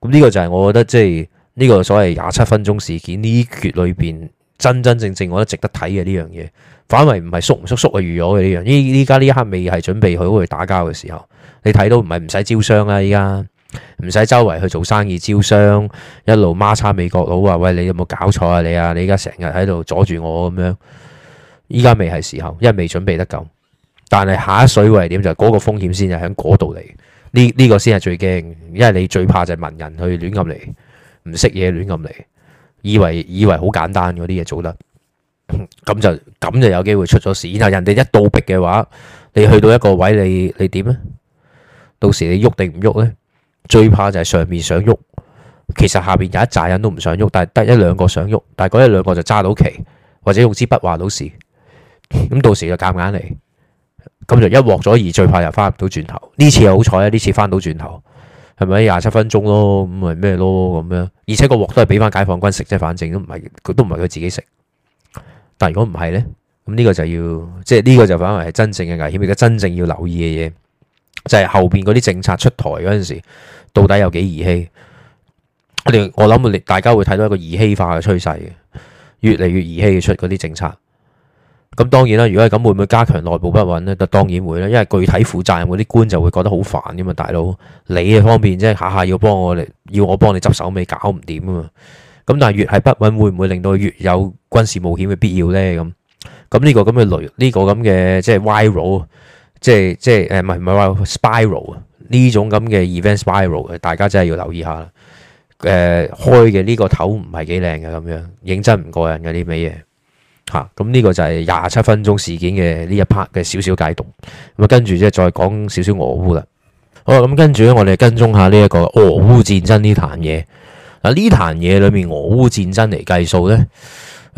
咁呢個就係我覺得即係呢個所謂廿七分鐘事件呢橛裏邊真真正正我覺得值得睇嘅呢樣嘢。反為唔係縮唔縮縮嘅預咗嘅呢樣，呢依家呢一刻未係準備好去打交嘅時候，你睇到唔係唔使招商啦，依家唔使周圍去做生意招商，一路孖叉美國佬啊，喂你有冇搞錯啊你啊？你依家成日喺度阻住我咁樣，依家未係時候，因為未準備得夠，但係下一水位點就嗰個風險先係喺嗰度嚟，呢呢個先係最驚，因為你最怕就係文人去亂噏嚟，唔識嘢亂噏嚟，以為以為好簡單嗰啲嘢做得。咁就咁就有機會出咗事，然後人哋一倒逼嘅話，你去到一個位，你你點呢？到時你喐定唔喐呢？最怕就係上面想喐，其實下邊有一紮人都唔想喐，但係得一兩個想喐，但係嗰一兩個就揸到旗，或者用支筆畫到事，咁到時就夾硬嚟，咁就一鑊咗，而最怕又翻唔到轉頭。呢次好彩啊，呢次翻到轉頭係咪廿七分鐘咯？咁咪咩咯咁樣？而且個鑊都係俾翻解放軍食，啫，反正都唔係佢都唔係佢自己食。但如果唔係呢，咁呢個就要，即係呢個就反為係真正嘅危險。而家真正要留意嘅嘢，就係後邊嗰啲政策出台嗰陣時，到底有幾兒戲？我諗我諗，大家會睇到一個兒戲化嘅趨勢嘅，越嚟越兒戲出嗰啲政策。咁當然啦，如果係咁，會唔會加強內部不穩咧？當然會啦，因為具體負責任嗰啲官就會覺得好煩噶嘛，大佬你嘅方面即係下下要幫我哋，要我幫你執手尾，搞唔掂啊嘛！咁但係越係不穩，會唔會令到越有軍事冒險嘅必要咧？咁咁呢個咁嘅雷，呢個咁嘅即係 viral，即係即係誒，唔係唔係 spiral 啊？呢種咁嘅 event spiral，大家真係要留意下。誒、呃，開嘅呢個頭唔係幾靚嘅咁樣，認真唔過癮嘅呢味嘢。吓，咁、啊、呢、呢個就係廿七分鐘事件嘅呢一 part 嘅少少解讀。咁啊，跟住即係再講少少俄烏啦。好啊，咁跟住咧，我哋跟蹤下呢一個俄烏戰爭呢壇嘢。啊！呢壇嘢裏面俄烏戰爭嚟計數呢，誒、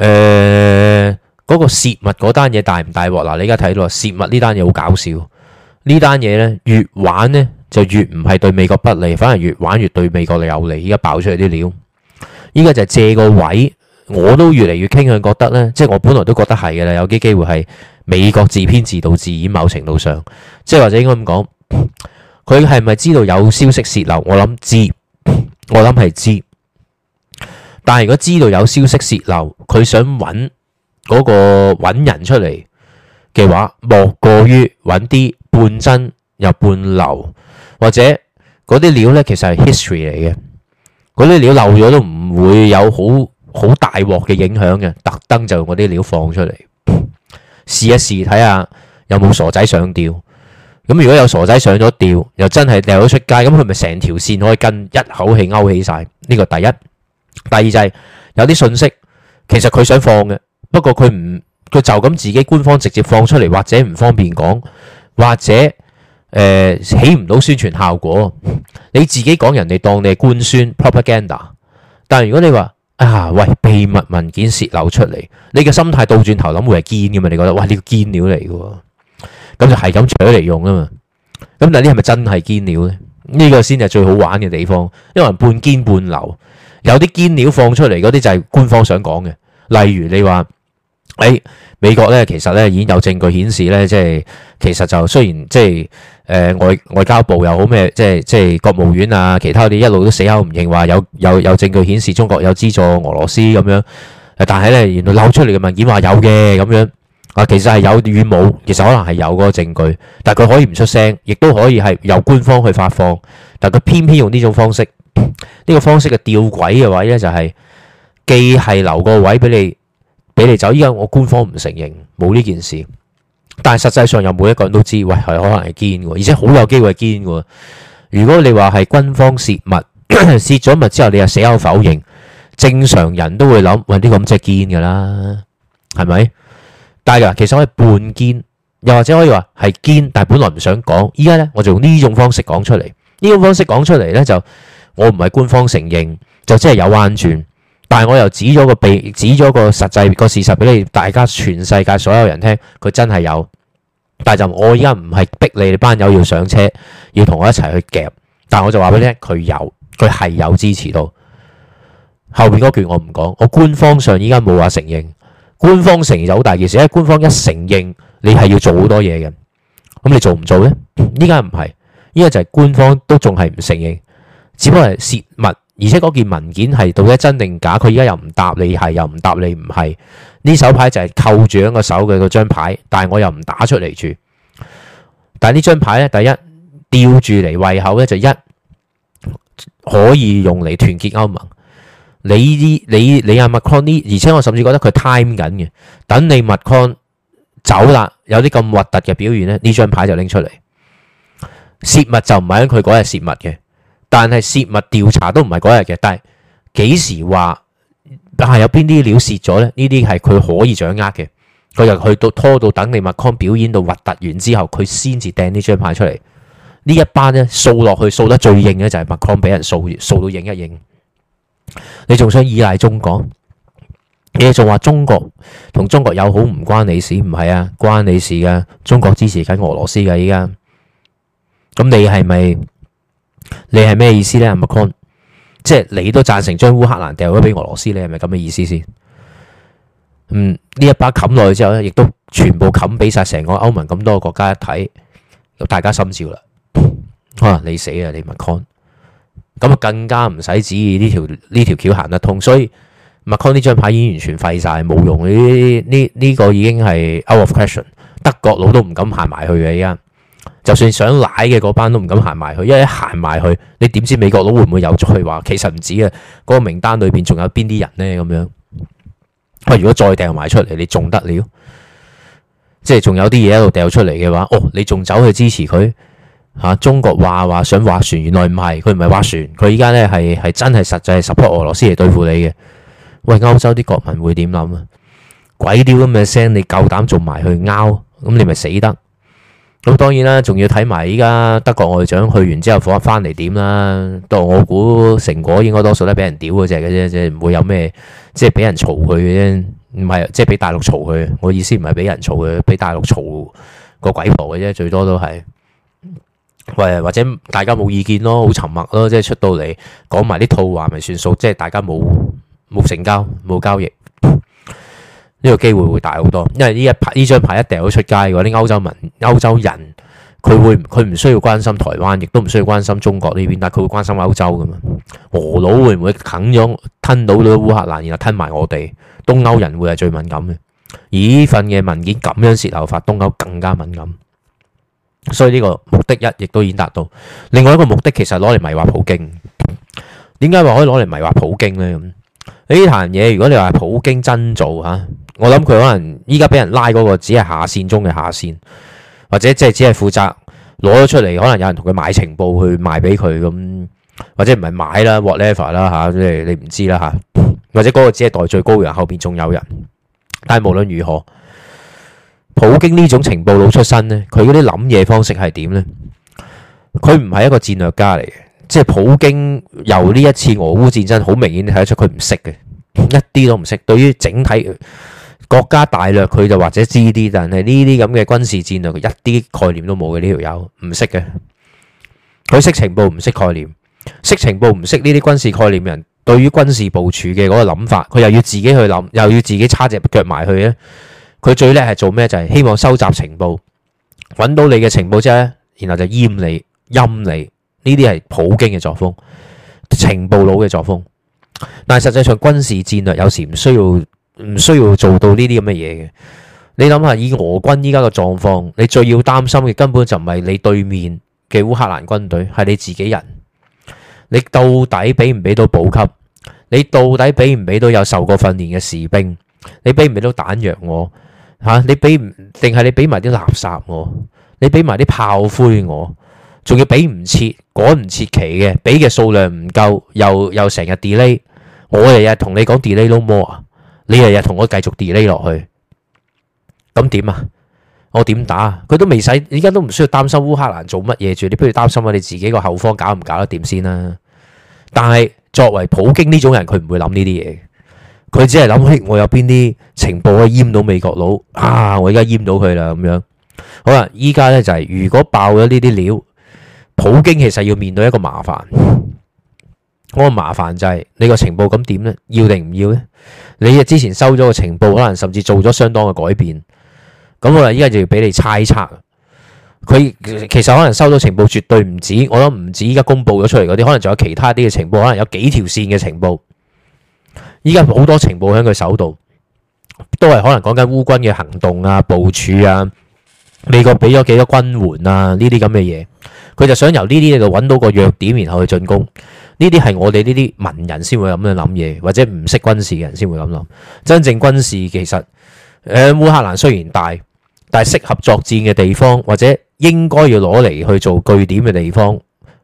呃、嗰、嗰個泄密嗰單嘢大唔大鑊？嗱，你而家睇到啊，泄密呢單嘢好搞笑。呢單嘢呢，越玩呢就越唔係對美國不利，反而越玩越對美國有利。而家爆出嚟啲料，而家就係借個位，我都越嚟越傾向覺得呢，即係我本來都覺得係嘅啦。有啲機會係美國自編自導自演，某程度上即係或者應該咁講，佢係咪知道有消息洩漏？我諗知，我諗係知。但係，如果知道有消息洩漏，佢想搵嗰個搵人出嚟嘅話，莫過於搵啲半真又半流，或者嗰啲料呢，其實係 history 嚟嘅。嗰啲料漏咗都唔會有好好大鑊嘅影響嘅。特登就用嗰啲料放出嚟試一試，睇下有冇傻仔上釣。咁如果有傻仔上咗釣，又真係掉咗出街，咁佢咪成條線可以跟一口氣勾起晒呢個第一。第二就係、是、有啲信息，其實佢想放嘅，不過佢唔佢就咁自己官方直接放出嚟，或者唔方便講，或者誒、呃、起唔到宣傳效果。 你自己講，人哋當你係官宣 propaganda，但係如果你話啊，喂，秘密文件泄漏出嚟，你嘅心態倒轉頭諗會係堅嘅嘛？你覺得喂，你、呢個堅料嚟嘅，咁就係咁取嚟用啊嘛。咁但係呢係咪真係堅料咧？呢、呢個先係最好玩嘅地方，因為半堅半流。有啲堅料放出嚟，嗰啲就係官方想講嘅。例如你話，你、哎、美國咧，其實咧已經有證據顯示咧，即係其實就雖然即係誒外外交部又好咩，即係即係國務院啊，其他啲一路都死口唔認話有有有，有證據顯示中國有資助俄羅斯咁樣，但係咧原來漏出嚟嘅文件話有嘅咁樣啊，其實係有與冇，其實可能係有嗰個證據，但係佢可以唔出聲，亦都可以係由官方去發放，但係佢偏偏用呢種方式。呢個方式嘅吊詭嘅位咧，就係既係留個位俾你俾你走。依家我官方唔承認冇呢件事，但係實際上有，每一個人都知喂，係可能係堅嘅，而且好有機會堅嘅。如果你話係軍方洩密洩咗密之後，你又死口否認，正常人都會諗喂，呢個咁即係堅噶啦，係咪？但係噶其實可以半堅，又或者可以話係堅，但係本來唔想講，依家咧我就用呢種方式講出嚟。呢種方式講出嚟咧就是。我唔係官方承認，就即係有彎轉，但係我又指咗個鼻，指咗個實際個事實俾你大家全世界所有人聽，佢真係有。但係就我依家唔係逼你哋班友要上車，要同我一齊去夾，但係我就話俾你聽，佢有，佢係有支持到後邊嗰橛，我唔講，我官方上依家冇話承認。官方承認好大件事，因為官方一承認，你係要做好多嘢嘅。咁你做唔做呢？依家唔係，依家就係官方都仲係唔承認。只不過係泄密，而且嗰件文件係到底真定假？佢而家又唔答你係，又唔答你唔係呢？手牌就係扣住喺個手嘅嗰張牌，但係我又唔打出嚟住。但係呢張牌咧，第一吊住嚟胃口咧，就一可以用嚟團結歐盟。你呢，你你阿 Macron 呢？啊、ron, 而且我甚至覺得佢 time 緊嘅，等你 Macron 走啦，有啲咁核突嘅表現咧，呢張牌就拎出嚟泄密就唔係因佢嗰日泄密嘅。但係泄密調查都唔係嗰日嘅，但係幾時話？但係有邊啲料泄咗咧？呢啲係佢可以掌握嘅。佢又去到拖到等你馬克龍表演到核突完之後，佢先至掟呢張牌出嚟。呢一班咧，掃落去掃得最硬嘅就係馬克龍俾人掃，掃到硬一硬。你仲想依賴中國？你仲話中國同中國友好唔關你事？唔係啊，關你事㗎。中國支持緊俄羅斯嘅依家。咁你係咪？你係咩意思咧？Macron，即係你都贊成將烏克蘭掉咗俾俄羅斯，你係咪咁嘅意思先？嗯，呢一把冚落去之後呢，亦都全部冚俾晒成個歐盟咁多個國家一睇，大家心照啦。啊，你死啊，你 Macron，咁啊更加唔使指意呢條呢條橋行得通，所以 Macron 呢張牌已經完全廢晒，冇用。呢呢、呢個已經係 out of question，德國佬都唔敢行埋去嘅依家。就算想奶嘅嗰班都唔敢行埋去，因為一行埋去，你點知美國佬會唔會有再話？其實唔止嘅，嗰個名單裏邊仲有邊啲人呢？咁樣喂，如果再掟埋出嚟，你仲得了？即係仲有啲嘢喺度掟出嚟嘅話，哦，你仲走去支持佢吓？中國話話想划船，原來唔係，佢唔係划船，佢依家咧係係真係實際係 support 俄羅斯嚟對付你嘅。喂，歐洲啲國民會點諗啊？鬼啲咁嘅聲，你夠膽做埋去拗？咁你咪死得？咁當然啦，仲要睇埋依家德國外長去完之後，放翻嚟點啦？到我估成果應該多數都俾人屌嗰隻嘅啫，即係唔會有咩，即係俾人嘈佢嘅啫。唔係即係俾大陸嘈佢。我意思唔係俾人嘈佢，俾大陸嘈個鬼婆嘅啫，最多都係，喂，或者大家冇意見咯，好沉默咯，即係出到嚟講埋啲套話咪算數，即係大家冇冇成交冇交易，呢個機會會大好多，因為呢一呢張牌一掟咗出街嘅話，啲歐洲文、歐洲人佢會佢唔需要關心台灣，亦都唔需要關心中國呢邊，但係佢會關心歐洲噶嘛？俄佬會唔會啃咗吞到咗烏克蘭，然後吞埋我哋東歐人會係最敏感嘅。而呢份嘅文件咁樣泄漏法，東歐更加敏感，所以呢個目的一亦都已經達到。另外一個目的其實攞嚟迷惑普京，點解話可以攞嚟迷惑普京呢？咁？呢壇嘢如果你話普京真做嚇。我諗佢可能依家俾人拉嗰個，只係下線中嘅下線，或者即係只係負責攞咗出嚟，可能有人同佢買情報去賣俾佢咁，或者唔係買啦，whatever 啦吓，即係你唔知啦吓，或者嗰個只係代罪羔羊，後邊仲有人。但係無論如何，普京呢種情報佬出身呢，佢嗰啲諗嘢方式係點呢？佢唔係一個戰略家嚟嘅，即係普京由呢一次俄烏戰爭好明顯睇得出，佢唔識嘅一啲都唔識，對於整體。國家大略佢就或者知啲，但係呢啲咁嘅軍事戰略，佢一啲概念都冇嘅呢條友，唔識嘅。佢識情報，唔識概念；識情報，唔識呢啲軍事概念人。人對於軍事部署嘅嗰個諗法，佢又要自己去諗，又要自己叉隻腳埋去咧。佢最叻係做咩？就係、是、希望收集情報，揾到你嘅情報啫，然後就閹你、陰你。呢啲係普京嘅作風，情報佬嘅作風。但係實際上軍事戰略有時唔需要。唔需要做到呢啲咁嘅嘢嘅。你諗下，以俄軍依家嘅狀況，你最要擔心嘅根本就唔係你對面嘅烏克蘭軍隊，係你自己人。你到底俾唔俾到補給？你到底俾唔俾到有受過訓練嘅士兵？你俾唔俾到彈藥我？吓、啊，你俾唔定係你俾埋啲垃圾我？你俾埋啲炮灰我？仲要俾唔切，趕唔切期嘅，俾嘅數量唔夠，又又成日 delay。我日日同你講 delay no more 啊！No 你日日同我繼續 delay 落去，咁點啊？我點打啊？佢都未使，依家都唔需要擔心烏克蘭做乜嘢住。你不如擔心下你自己個後方搞唔搞得掂先啦。但係作為普京呢種人，佢唔會諗呢啲嘢，佢只係諗起我有邊啲情報可以閹到美國佬啊？我而家閹到佢啦，咁樣好啦。依家咧就係、是、如果爆咗呢啲料，普京其實要面對一個麻煩。嗰個麻煩就係、是、你個情報咁點咧？要定唔要咧？你之前收咗個情報，可能甚至做咗相當嘅改變。咁我哋依家就要俾你猜測。佢其實可能收到情報絕對唔止，我諗唔止依家公佈咗出嚟嗰啲，可能仲有其他啲嘅情報，可能有幾條線嘅情報。依家好多情報喺佢手度，都係可能講緊烏軍嘅行動啊、部署啊、美國俾咗幾多軍援啊呢啲咁嘅嘢。佢就想由呢啲度揾到個弱點，然後去進攻。呢啲係我哋呢啲文人先會咁樣諗嘢，或者唔識軍事嘅人先會咁諗。真正軍事其實，誒烏克蘭雖然大，但係適合作戰嘅地方或者應該要攞嚟去做據點嘅地方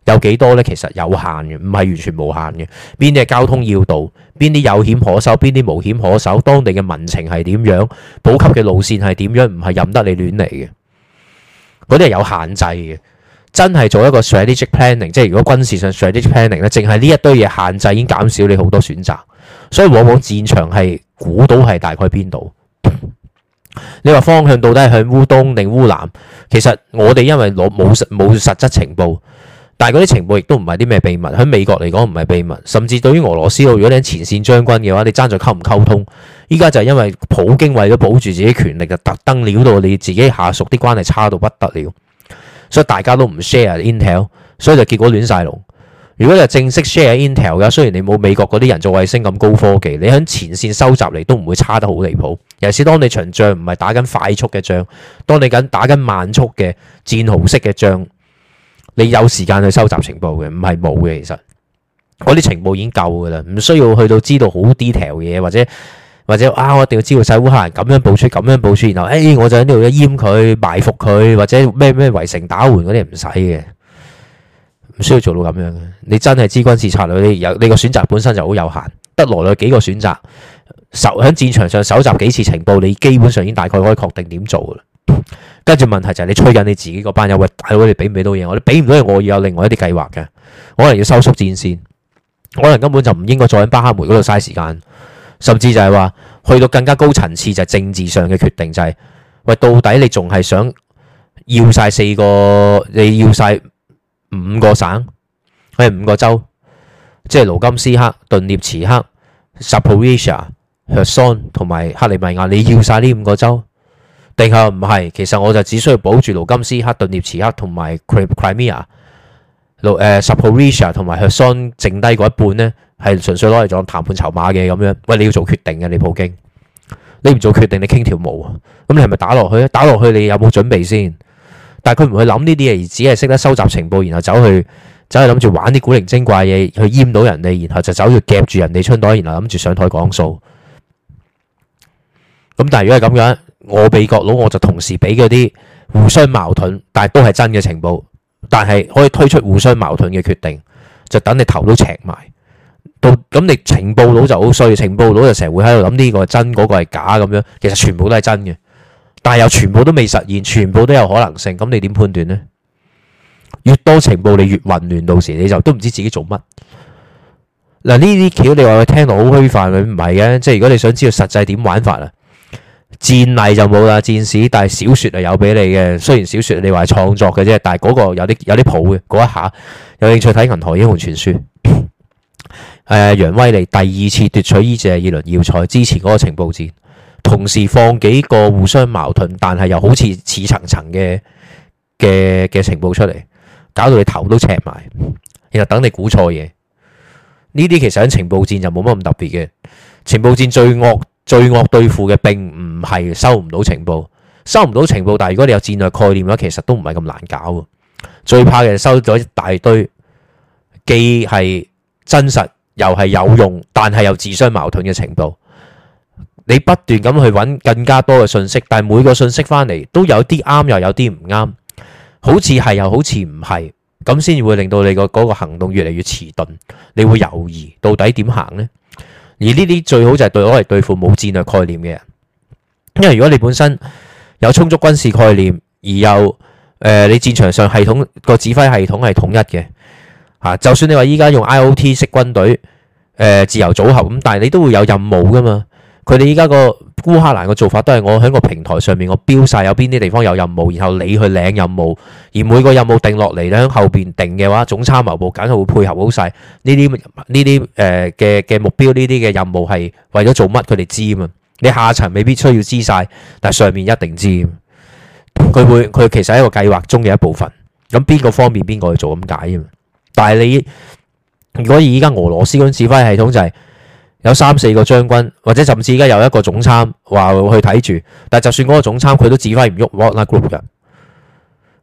有幾多呢？其實有限嘅，唔係完全無限嘅。邊啲係交通要道，邊啲有險可守，邊啲無險可守，當地嘅民情係點樣，補給嘅路線係點樣，唔係任得你亂嚟嘅。嗰啲係有限制嘅。真係做一個 strategic planning，即係如果軍事上 strategic planning 咧，淨係呢一堆嘢限制已經減少你好多選擇，所以往往戰場係估到係大概邊度？你話方向到底係向烏東定烏南？其實我哋因為攞冇實冇實質情報，但係嗰啲情報亦都唔係啲咩秘密，喺美國嚟講唔係秘密，甚至對於俄羅斯佬，如果你喺前線將軍嘅話，你爭在溝唔溝通，依家就係因為普京為咗保住自己權力啊，特登撩到你自己下屬啲關係差到不得了。所以大家都唔 share Intel，所以就結果亂晒龍。如果係正式 share Intel 嘅，雖然你冇美國嗰啲人造衛星咁高科技，你喺前線收集嚟都唔會差得好離譜。尤其是當你場仗唔係打緊快速嘅仗，當你緊打緊慢速嘅戰壕式嘅仗，你有時間去收集情報嘅，唔係冇嘅。其實嗰啲情報已經夠噶啦，唔需要去到知道好 detail 嘢或者。或者啊，我一定要知道晒烏克人咁樣部署、咁樣部署，然後誒、哎，我就喺呢度掩佢、埋伏佢，或者咩咩圍城打援嗰啲唔使嘅，唔需要做到咁樣嘅。你真係知軍事策略，你有你個選擇本身就好有限，得來佢幾個選擇，守喺戰場上搜集幾次情報，你基本上已經大概可以確定點做啦。跟住問題就係、是、你吹緊你自己個班友喂，大佬你俾唔俾到嘢？我哋俾唔到嘢，我有另外一啲計劃嘅，可能要收縮戰線，可能根本就唔應該再喺巴克梅嗰度嘥時間。甚至就係話去到更加高層次，就係、是、政治上嘅決定，就係、是、喂，到底你仲係想要晒四個，你要晒五個省，係五個州，即係盧甘斯克、頓涅茨克、Zaporizhzhia、Kherson 同埋克里米亞。你要晒呢五個州定係唔係？其實我就只需要保住盧甘斯克、頓涅茨克同埋 Crimea。六誒，support Russia 同埋 Russian 剩低嗰一半咧，係純粹攞嚟做談判籌碼嘅咁樣。喂，你要做決定嘅，你普京，你唔做決定，你傾條毛啊？咁你係咪打落去咧？打落去你有冇準備先？但係佢唔會諗呢啲嘢，而只係識得收集情報，然後走去走去諗住玩啲古靈精怪嘢，去閹到人哋，然後就走去夾住人哋春袋，然後諗住上台講數。咁但係如果係咁樣，我俾國佬我就同時俾嗰啲互相矛盾，但係都係真嘅情報。但係可以推出互相矛盾嘅決定，就等你頭都赤埋。到咁你情報佬就好衰，情報佬就成日會喺度諗呢個係真，嗰個係假咁樣。其實全部都係真嘅，但係又全部都未實現，全部都有可能性。咁你點判斷呢？越多情報你越混亂，到時你就都唔知自己做乜。嗱，呢啲橋你話佢聽到好虛泛，佢唔係嘅，即係如果你想知道實際點玩法啊。戰例就冇啦，戰史，但係小說係有俾你嘅。雖然小說你話係創作嘅啫，但係嗰個有啲有啲譜嘅。嗰一下有興趣睇《銀河英雄傳說》 呃。誒，楊威利第二次奪取伊謝爾倫要塞之前嗰個情報戰，同時放幾個互相矛盾但係又好似似層層嘅嘅嘅情報出嚟，搞到你頭都赤埋，然後等你估錯嘢。呢啲其實喺情報戰就冇乜咁特別嘅。情報戰最惡最惡對付嘅並唔係收唔到情報，收唔到情報。但係如果你有戰略概念嘅話，其實都唔係咁難搞。最怕嘅係收咗一大堆，既係真實又係有用，但係又自相矛盾嘅情報。你不斷咁去揾更加多嘅信息，但係每個信息翻嚟都有啲啱又有啲唔啱，好似係又好似唔係，咁先會令到你個嗰個行動越嚟越遲鈍，你會猶豫到底點行呢？而呢啲最好就係對我嚟對付冇戰略概念嘅，因為如果你本身有充足軍事概念，而又誒你戰場上系統個指揮系統係統一嘅，嚇，就算你話依家用 IOT 式軍隊誒自由組合咁，但係你都會有任務㗎嘛。佢哋依家個烏克蘭個做法都係我喺個平台上面，我標晒有邊啲地方有任務，然後你去領任務。而每個任務定落嚟咧，後邊定嘅話，總參謀部簡直會配合好晒。呢啲呢啲誒嘅嘅目標，呢啲嘅任務係為咗做乜佢哋知啊嘛。你下層未必需要知晒，但係上面一定知。佢會佢其實係一個計劃中嘅一部分。咁邊個方便邊個去做咁解啊？但係你如果以依家俄羅斯嗰種指揮系統就係、是。有三四個將軍，或者甚至而家有一個總參話會去睇住，但就算嗰個總參佢都指揮唔喐，what a group 嘅，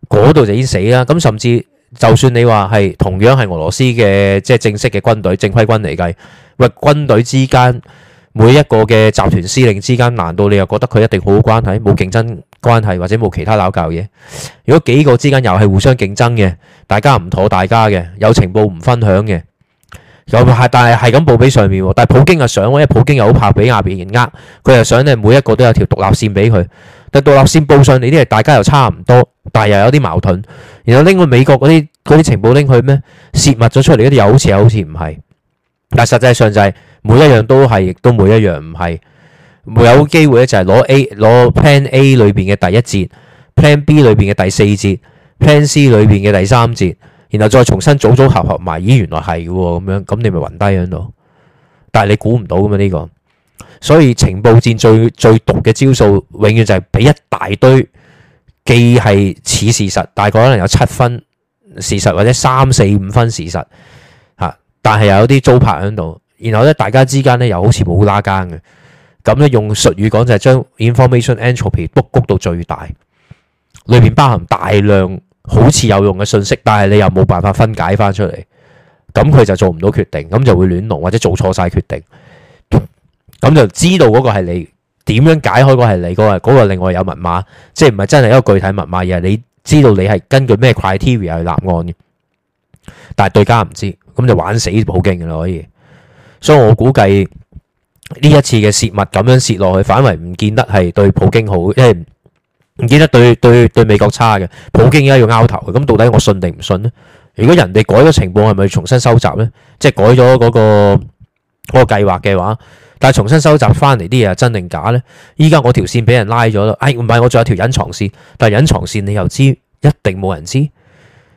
嗰度就已經死啦。咁甚至就算你話係同樣係俄羅斯嘅即係正式嘅軍隊正規軍嚟計，喂軍隊之間每一個嘅集團司令之間，難道你又覺得佢一定好關係冇競爭關係，或者冇其他鬧交嘢？如果幾個之間又係互相競爭嘅，大家唔妥大家嘅，有情報唔分享嘅。又係，但係係咁報俾上面，但係普京又想，因為普京又好怕俾下邊人呃，佢又想你每一個都有條獨立線俾佢。但係獨立線報上嚟啲係大家又差唔多，但係又有啲矛盾。然後拎去美國嗰啲啲情報拎去咩？洩密咗出嚟啲又好似又好似唔係。但係實際上就係每一樣都係，亦都每一樣唔係。有機會咧就係攞 A，攞 Plan A 裏邊嘅第一節，Plan B 裏邊嘅第四節，Plan C 裏邊嘅第三節。然後再重新組組合合埋，咦，原來係嘅咁樣，咁你咪暈低喺度。但係你估唔到噶嘛呢個，所以情報戰最最毒嘅招數，永遠就係俾一大堆既係似事實，大概可能有七分事實或者三四五分事實吓，但係又有啲糟粕喺度。然後咧，大家之間咧又好似冇拉更嘅，咁咧用術語講就係將 Information Entropy 卜谷谷到最大，裏邊包含大量。好似有用嘅信息，但係你又冇辦法分解翻出嚟，咁佢就做唔到決定，咁就會亂弄，或者做錯晒決定，咁就知道嗰個係你點樣解開個係你嗰個嗰個另外有密碼，即係唔係真係一個具體密碼嘢，而係你知道你係根據咩 criteria 去立案嘅，但係對家唔知，咁就玩死普京嘅啦可以，所以我估計呢一次嘅洩密咁樣洩落去，反為唔見得係對普京好，即係唔見得對對對，對美國差嘅。普京而家要拗頭，咁到底我信定唔信咧？如果人哋改咗情報，係咪重新收集呢？即係改咗嗰個嗰個計劃嘅話，但係重新收集翻嚟啲嘢係真定假呢？依家我條綫俾人拉咗啦，哎唔係，我仲有條隱藏綫，但係隱藏綫你又知一定冇人知，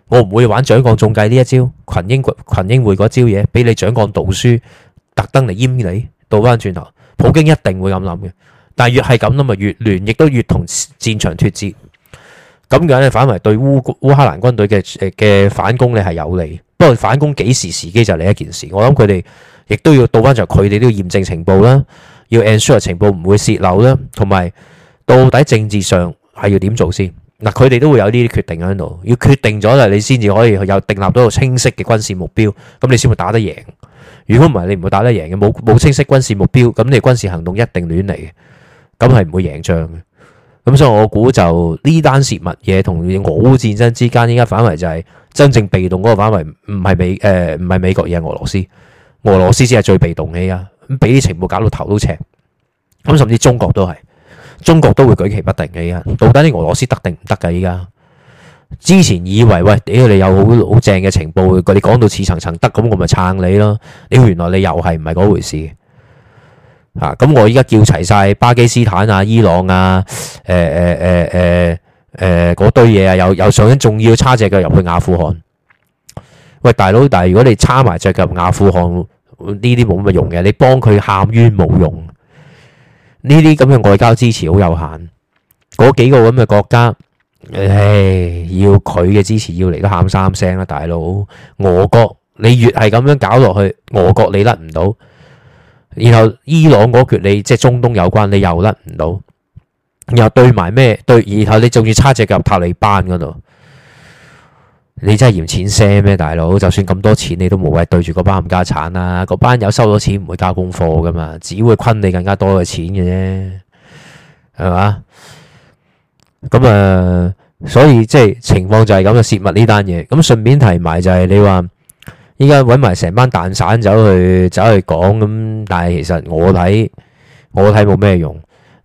我唔會玩蔣幹中計，呢一招，群英群英會嗰招嘢，俾你蔣幹盜書，特登嚟陰你，倒翻轉頭，普京一定會咁諗嘅。但係越係咁咯，咪越亂，亦都越同戰場脫節咁樣咧。反為對烏烏克蘭軍隊嘅嘅反攻你係有利，不過反攻幾時時機就係另一件事。我諗佢哋亦都要倒翻就佢哋都要驗證情報啦，要 ensure 情報唔會洩漏啦，同埋到底政治上係要點做先嗱？佢哋都會有呢啲決定喺度，要決定咗啦，你先至可以有定立到個清晰嘅軍事目標，咁你先會打得贏。如果唔係，你唔會打得贏嘅，冇冇清晰軍事目標，咁你軍事行動一定亂嚟嘅。咁係唔會贏仗嘅，咁所以我估就呢單洩密嘢，同俄烏戰爭之間，依家反為就係真正被動嗰個反為，唔係美誒，唔係美國而係俄羅斯，俄羅斯先係最被動嘅依家，咁俾啲情報搞到頭都赤，咁甚至中國都係，中國都會舉棋不定嘅依家，到底啲俄羅斯得定唔得噶依家？之前以為喂，屌你有好好正嘅情報，佢哋講到似層層得，咁我咪撐你咯，屌原來你又係唔係嗰回事。啊！咁我依家叫齊晒巴基斯坦啊、伊朗啊、誒誒誒誒誒嗰堆嘢啊，又又上緊，仲要插隻腳入去阿富汗。喂，大佬！但係如果你插埋隻腳入阿富汗呢啲冇乜用嘅，你幫佢喊冤冇用。呢啲咁嘅外交支持好有限，嗰幾個咁嘅國家，唉、哎，要佢嘅支持要嚟都喊三聲啊。大佬。俄國你越係咁樣搞落去，俄國你甩唔到。然後伊朗嗰決，你即係中東有關，你又甩唔到，然後對埋咩對，然後你仲要差隻腳入塔利班嗰度，你真係嫌錢腥咩大佬？就算咁多錢，你都無謂對住嗰班冚家產啦，嗰班友收咗錢唔會交功課噶嘛，只會昆你更加多嘅錢嘅啫，係嘛？咁啊、呃，所以即係情況就係咁啊，洩密呢單嘢。咁順便提埋就係、是、你話。依家搵埋成班蛋散走去走去講咁，但係其實我睇我睇冇咩用。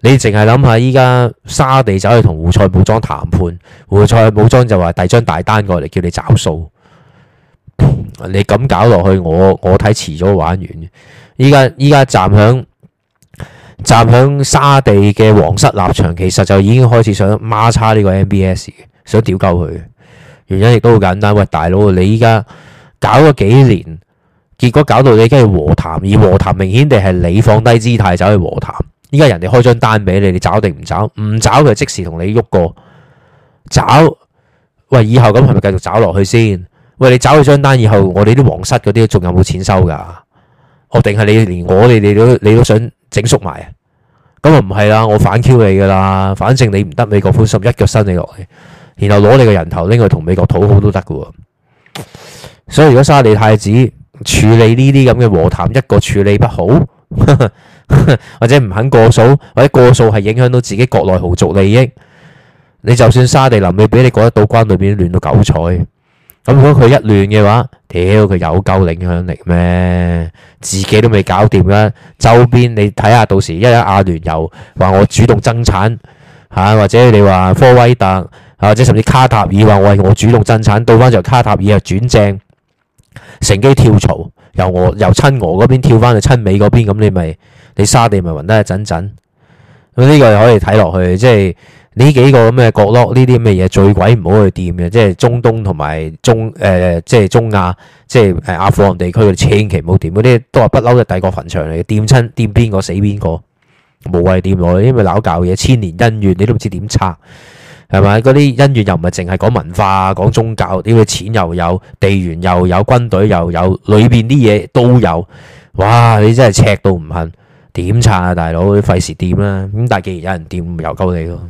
你淨係諗下，依家沙地走去同胡塞武裝談判，胡塞武裝就話遞張大單過嚟叫你找數。你咁搞落去，我我睇遲咗玩完。依家依家站響站響沙地嘅皇室立場，其實就已經開始想孖叉呢個 MBS，想屌鳩佢。原因亦都好簡單，喂大佬，你依家。搞咗幾年，結果搞到你梗係和談，而和談明顯地係你放低姿態走去和談。依家人哋開張單俾你，你找定唔找？唔找佢即時同你喐過，找喂以後咁係咪繼續找落去先？喂，你找咗張單以後，我哋啲皇室嗰啲仲有冇錢收噶？哦，定係你連我哋，你都你都想整縮埋啊？咁啊，唔係啦，我反 Q 你噶啦，反正你唔得美國歡心一腳伸你落去，然後攞你個人頭拎去同美國討好都得噶。所以如果沙地太子處理呢啲咁嘅和談，一個處理不好， 或者唔肯過數，或者過數係影響到自己國內豪族利益，你就算沙地臨尾俾你過得到關，裏邊都亂到九彩。咁如果佢一亂嘅話，屌、哎、佢有夠影響力咩？自己都未搞掂啦，周邊你睇下，到時一阿聯酋話我主動增產吓，或者你話科威特，或者甚至卡塔爾話我係我主動增產，到翻就卡塔爾又轉正。乘機跳槽，由俄由親俄嗰邊跳翻去親美嗰邊，咁你咪你沙地咪暈得一陣陣。咁、這、呢個可以睇落去，即係呢幾個咁嘅角落，呢啲咁嘅嘢最鬼唔好去掂嘅，即係中東同埋中誒、呃，即係中亞，即係誒阿富汗地區，千祈唔好掂嗰啲，都係不嬲嘅帝國墳場嚟，嘅。掂親掂邊個死邊個，無謂掂我，因為老教嘢千年恩怨，你都唔知點拆。係咪？嗰啲恩怨又唔係淨係講文化、講宗教，啲嘅錢又有，地緣又有，軍隊又有，裏邊啲嘢都有。哇！你真係赤到唔肯點查啊，大佬，費事掂啦。咁但係既然有人掂，又夠你咯。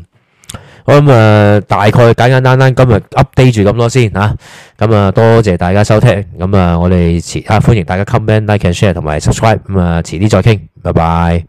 好，咁誒，大概簡簡單單今日 update 住咁多先吓。咁啊，多謝大家收聽。咁啊，我哋遲啊，歡迎大家 comment、like and share 同埋 subscribe。咁啊，遲啲再傾。拜拜。